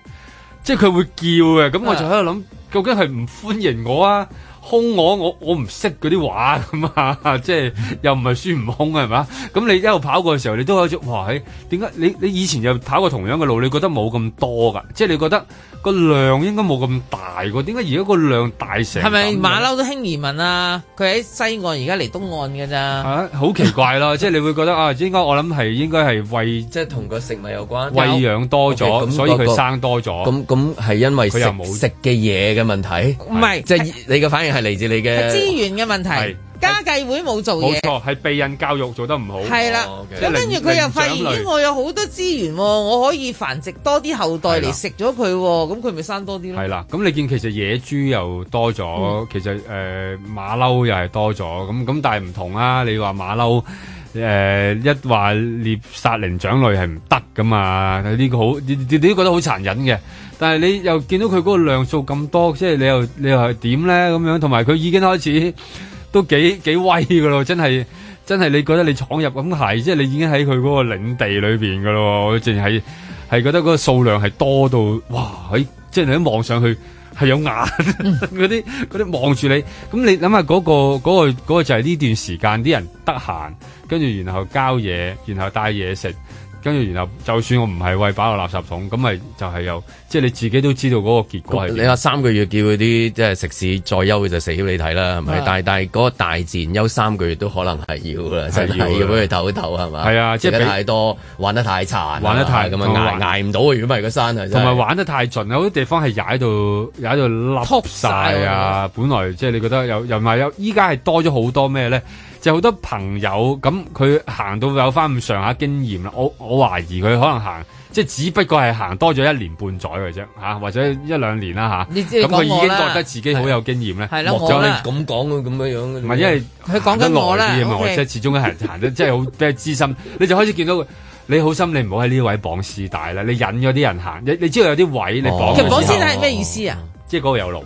即係佢會叫嘅。咁我就喺度諗。Uh, uh, 究竟係唔歡迎我啊？空我我我唔識嗰啲話咁啊！ 即係又唔係孫悟空係嘛？咁你一路跑過嘅時候，你都可以哇，點解？你你以前又跑過同樣嘅路，你覺得冇咁多㗎，即係你覺得個量應該冇咁大個。點解而家個量大成？係咪馬騮都興移民啊？佢喺西岸，而家嚟東岸㗎咋？啊，好奇怪咯！ 即係你會覺得啊，應該我諗係應該係喂，即係同個食物有關，餵養多咗，okay，嗰個、所以佢生多咗。咁咁係因為佢又冇食嘅嘢嘅問題，唔係是，即係 你嘅反應。係嚟自你嘅資源嘅問題，係家計會冇做嘢，冇錯，係避孕教育做得唔好，係啦的。咁跟住佢又發現，我有好多資源喎，我可以繁殖多啲後代嚟食咗佢，咁佢咪生多啲咯。係啦，咁你見其實野豬又多咗，嗯、其實誒馬騮又係多咗，咁咁但係唔同啦、啊。你話馬騮。誒、呃、一話獵殺靈長類係唔得㗎嘛。呢個好，你你都覺得好殘忍嘅，但係你又見到佢嗰個量數咁多，即係你又你又係點咧咁樣？同埋佢已經開始都幾幾威㗎咯，真係真係你覺得你闖入咁係，即係你已經喺佢嗰個領地裏邊㗎咯，淨係係覺得嗰個數量係多到哇！喺即係你一望上去，係有眼嗰啲嗰啲望住你，咁你諗下嗰個嗰個嗰個就係呢段時間啲人得閒，跟住然後交嘢，然後帶嘢食。跟住，然後就算我唔係餵飽個垃圾桶，咁咪就係有，即係你自己都知道嗰個結果你話三個月叫嗰啲即係食肆再休，就死俾你睇啦，係咪？但係但係嗰個大自然休三個月都可能係要啦，真係要俾佢唞一唞係咪？係啊，即係太多玩得太差，玩得太咁啊，挨唔到如果唔係個山啊，同埋玩得太盡，有啲地方係踩到踩到笠曬啊！本來即係你覺得有，又唔係有，依家係多咗好多咩咧？就好多朋友咁，佢行到有翻咁上下經驗啦。我我懷疑佢可能行，即係只不過係行多咗一年半載嘅啫，嚇、啊、或者一兩年啦吓，咁、啊、佢已經覺得自己好有經驗咧，學咗你咁講嘅咁樣樣。唔係因為佢講緊我啦，啲我，即始終係行得，即係好咩資深，你就開始見到佢。你好心，你唔好喺呢位綁絲帶啦，你引咗啲人行，你知道有啲位你綁。哦、其實綁絲帶係咩意思啊？即係嗰個有路。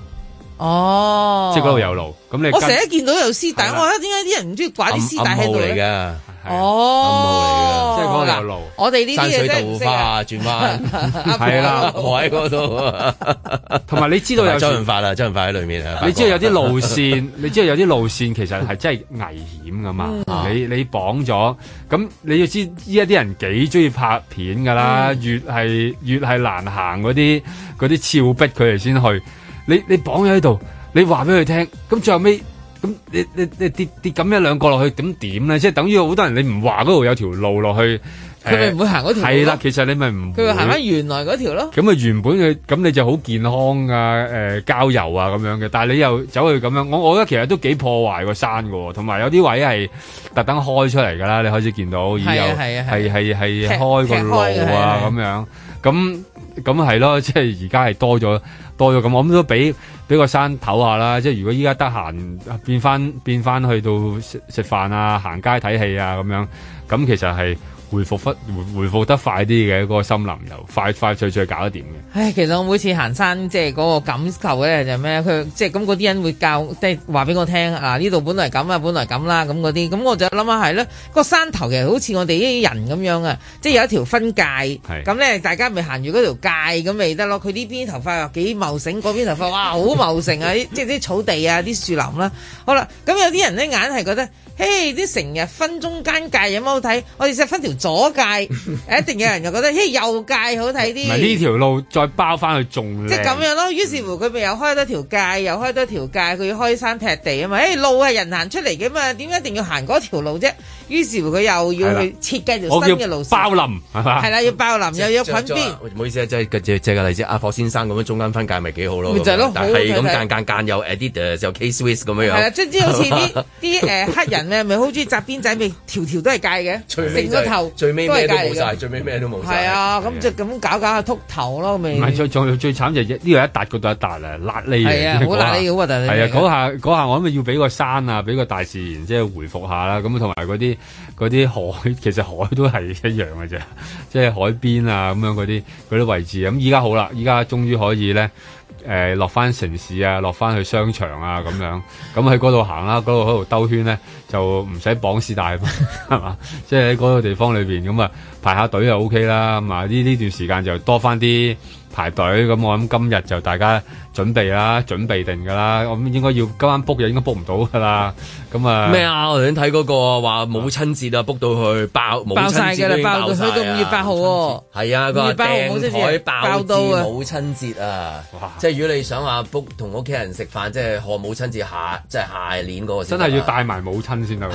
哦，即係嗰度有路。咁你我成日見到有絲帶，我覺得點解啲人唔中意掛啲絲帶喺度嚟咧？哦，暗號嚟嘅，即係嗰度有路。我哋呢啲嘢即係山水桃花轉彎，係啦，我喺嗰度。同埋你知道有周潤發啦，周潤發喺裏面啊。你知道有啲路線，你知道有啲路線其實係真係危險噶嘛你你綁咗咁你要知依家啲人幾中意拍片噶啦越係越係難行嗰啲嗰啲峭壁，佢哋先去。你你綁咗喺度，你話俾佢聽，咁最後尾，咁你你你跌跌咁一兩個落去，點點咧？即係等於好多人你唔話嗰度有條路落去，佢咪唔會行嗰條？係啦，其實你咪唔佢話行翻原來嗰條咯。咁啊，原本嘅，咁你就好健康啊，誒郊遊啊咁樣嘅，但係你又走去咁樣，我我覺得其實都幾破壞個山噶，同埋有啲位係特登開出嚟噶啦，你開始見到，而又係係係開個路啊咁樣，咁咁係咯，即係而家係多咗。多咗咁，我諗都俾俾個山唞下啦。即係如果依家得閒，變翻變翻去到食食飯啊、行街睇戲啊咁樣，咁其實係。回復忽回回復得快啲嘅嗰個森林又快快脆脆搞得掂嘅。唉，其實我每次行山即係嗰個感受咧就係咩佢即係咁嗰啲人會教即係話俾我聽啊！呢度本來咁啊，本來咁啦咁嗰啲。咁我就諗下係咯。個山頭其實好似我哋呢啲人咁樣啊，即係有一條分界。係、啊。咁咧，大家咪行住嗰條界咁咪得咯。佢呢邊頭髮又幾茂盛，嗰邊頭髮哇好茂盛啊！哇哇即係啲 草地啊，啲樹林啦。好啦，咁有啲人咧眼係覺得。嘿！啲成、hey, 日分中間界有冇好睇？我哋就分條左界， 一定有人又覺得嘿右界好睇啲。呢條路再包翻去種咧？即係咁樣咯。於是乎佢咪又開多條界，又開多條界。佢要開山劈地啊嘛。誒、哎、路係人行出嚟嘅嘛，點解一定要行嗰條路啫？於是乎佢又要去設計條新嘅路線。包林係嘛？係啦，要包林又要裙邊。唔好意思啊，即係借借個例子，阿霍先生咁樣中間分界咪幾好咯？就係咯，但係咁間間間有誒啲誒就 case switch 咁樣樣。係啦、啊，即係好似啲啲誒黑人。你係咪好中意紮辮仔，咪條條都係界嘅，成咗、就是、頭都戒最尾咩都冇晒，最尾咩都冇晒。係啊，咁就咁搞搞下禿頭咯，咪。最最最慘就係呢度一笪，嗰度一笪啊，辣哩。係啊，好辣哩，好邋哩。係啊，嗰下嗰下我諗要俾個山啊，俾個大自然即係、就是、回復下啦。咁同埋嗰啲嗰啲海，其實海都係一樣嘅啫，即 係海邊啊咁樣嗰啲嗰啲位置啊。咁依家好啦，依家終於可以咧。誒落翻城市啊，落翻去商場啊，咁樣咁喺嗰度行啦，嗰度度兜圈咧，就唔使綁絲帶，係嘛？即係嗰個地方裏邊咁啊，排下隊就 OK 啦，嘛呢呢段時間就多翻啲排隊，咁我諗今日就大家。準備啦，準備定㗎啦，我應該要今晚 book 又應該 book 唔到㗎啦，咁啊咩啊？我頭先睇嗰個話母親節啊，book 到佢爆爆曬㗎啦，book 到到五月八號喎，係啊，佢話訂台爆到母親節啊，即係如果你想話 book 同屋企人食飯，即係賀母親節下，即係下年嗰個時，真係要帶埋母親先得。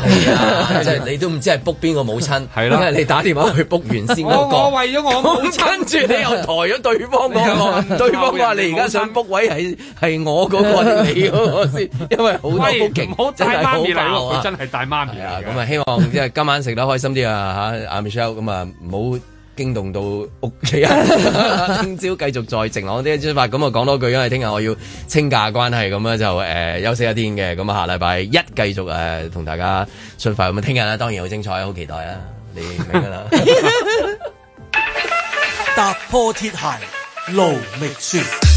即係你都唔知係 book 邊個母親，因為你打電話去 book 完先我講。我我為咗我母親住，你又抬咗對方講對方話你而家想 book 位。係我嗰、那個你嗰、那個因為好勁，媽媽真係好媽真係大媽咪啊！咁啊，希望即係今晚食得開心啲啊吓，Michelle。咁啊，唔好驚動到屋企、啊。聽朝繼續再晴朗啲出發。咁啊，講多句，因為聽日我要請假關係，咁咧就誒、呃、休息一天嘅。咁啊，下禮拜一繼續誒同大家出發。咁啊，聽日咧當然好精彩，好期待啊！你明㗎啦。踏破鐵鞋無覓處。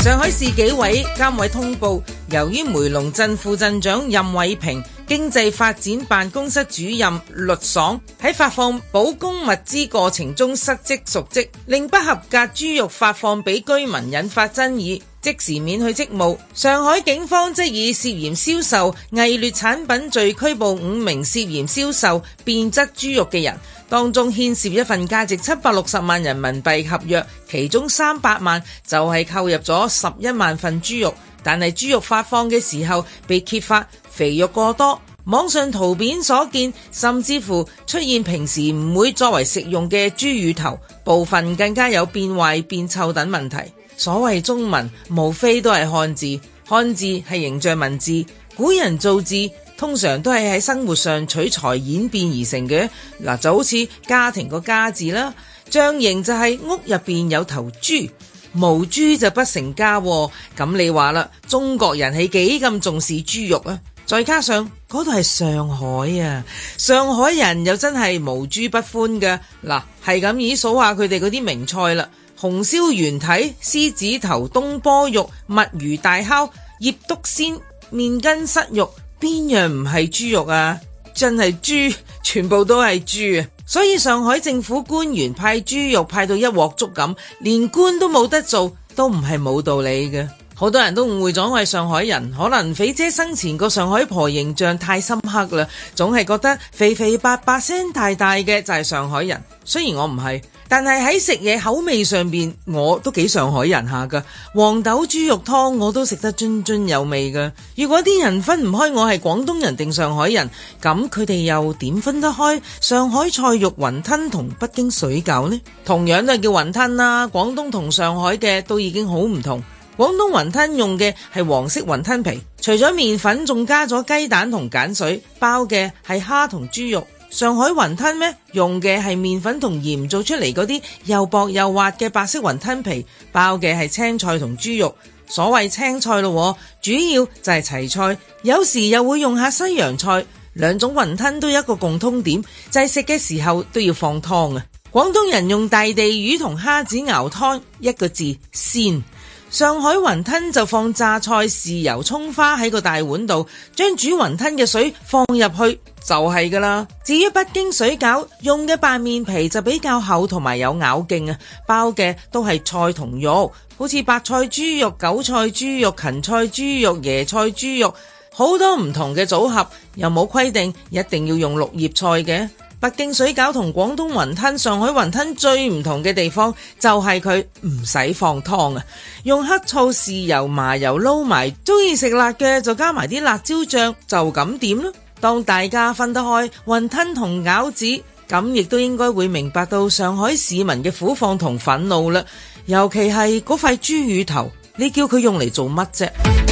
上海市紀委監委通報，由於梅隴鎮副鎮長任偉平、經濟發展辦公室主任律爽喺發放保供物資過程中失職瀆職，令不合格豬肉發放俾居民，引發爭議，即時免去職務。上海警方即以涉嫌銷售偽劣產品罪拘捕五名涉嫌銷售變質豬肉嘅人。當中牽涉一份價值七百六十萬人民幣合約，其中三百萬就係購入咗十一萬份豬肉，但係豬肉發放嘅時候被揭發肥肉過多，網上圖片所見甚至乎出現平時唔會作為食用嘅豬乳頭，部分更加有變壞變臭等問題。所謂中文，無非都係漢字，漢字係形象文字，古人造字，通常都係喺生活上取材演變而成嘅嗱，就好似家庭個家字啦。象形就係屋入邊有頭豬，無豬就不成家。咁你話啦，中國人係幾咁重視豬肉啊？再加上嗰度係上海啊，上海人又真係無豬不歡嘅嗱，係咁易數下佢哋嗰啲名菜啦，紅燒圓體、獅子頭、東坡肉、墨魚大烤、醃篤鮮、麵筋塞肉。邊樣唔係豬肉啊？真係豬，全部都係豬啊，所以上海政府官員派豬肉派到一鑊粥咁，連官都冇得做，都唔係冇道理嘅。好多人都誤會咗我係上海人，可能肥姐生前個上海婆形象太深刻啦，總係覺得肥肥白白聲大大嘅就係上海人。雖然我唔係。但係喺食嘢口味上邊，我都幾上海人下噶。黃豆豬肉湯我都食得津津有味噶。如果啲人分唔開我係廣東人定上海人，咁佢哋又點分得開上海菜肉雲吞同北京水餃呢？同樣都係叫雲吞啦，廣東同上海嘅都已經好唔同。廣東雲吞用嘅係黃色雲吞皮，除咗麵粉，仲加咗雞蛋同鹼水，包嘅係蝦同豬肉。上海雲吞咩？用嘅係麵粉同鹽做出嚟嗰啲又薄又滑嘅白色雲吞皮，包嘅係青菜同豬肉。所謂青菜咯，主要就係齊菜，有時又會用下西洋菜。兩種雲吞都有一個共通點，就係食嘅時候都要放湯啊！廣東人用大地魚同蝦子熬湯，一個字，鮮。上海雲吞就放榨菜、豉油、蔥花喺個大碗度，將煮雲吞嘅水放入去就係㗎喇。至於北京水餃用嘅白麵皮就比較厚同埋有咬勁啊，包嘅都係菜同肉，好似白菜豬肉、韭菜豬肉、芹菜豬肉、椰菜豬肉，好多唔同嘅組合，又冇規定一定要用綠葉菜嘅。北京水餃同廣東雲吞、上海雲吞最唔同嘅地方就係佢唔使放湯啊，用黑醋、豉油、麻油撈埋，中意食辣嘅就加埋啲辣椒醬，就咁點咯。當大家分得開雲吞同餃子，咁亦都應該會明白到上海市民嘅苦況同憤怒啦。尤其係嗰塊豬魚頭，你叫佢用嚟做乜啫？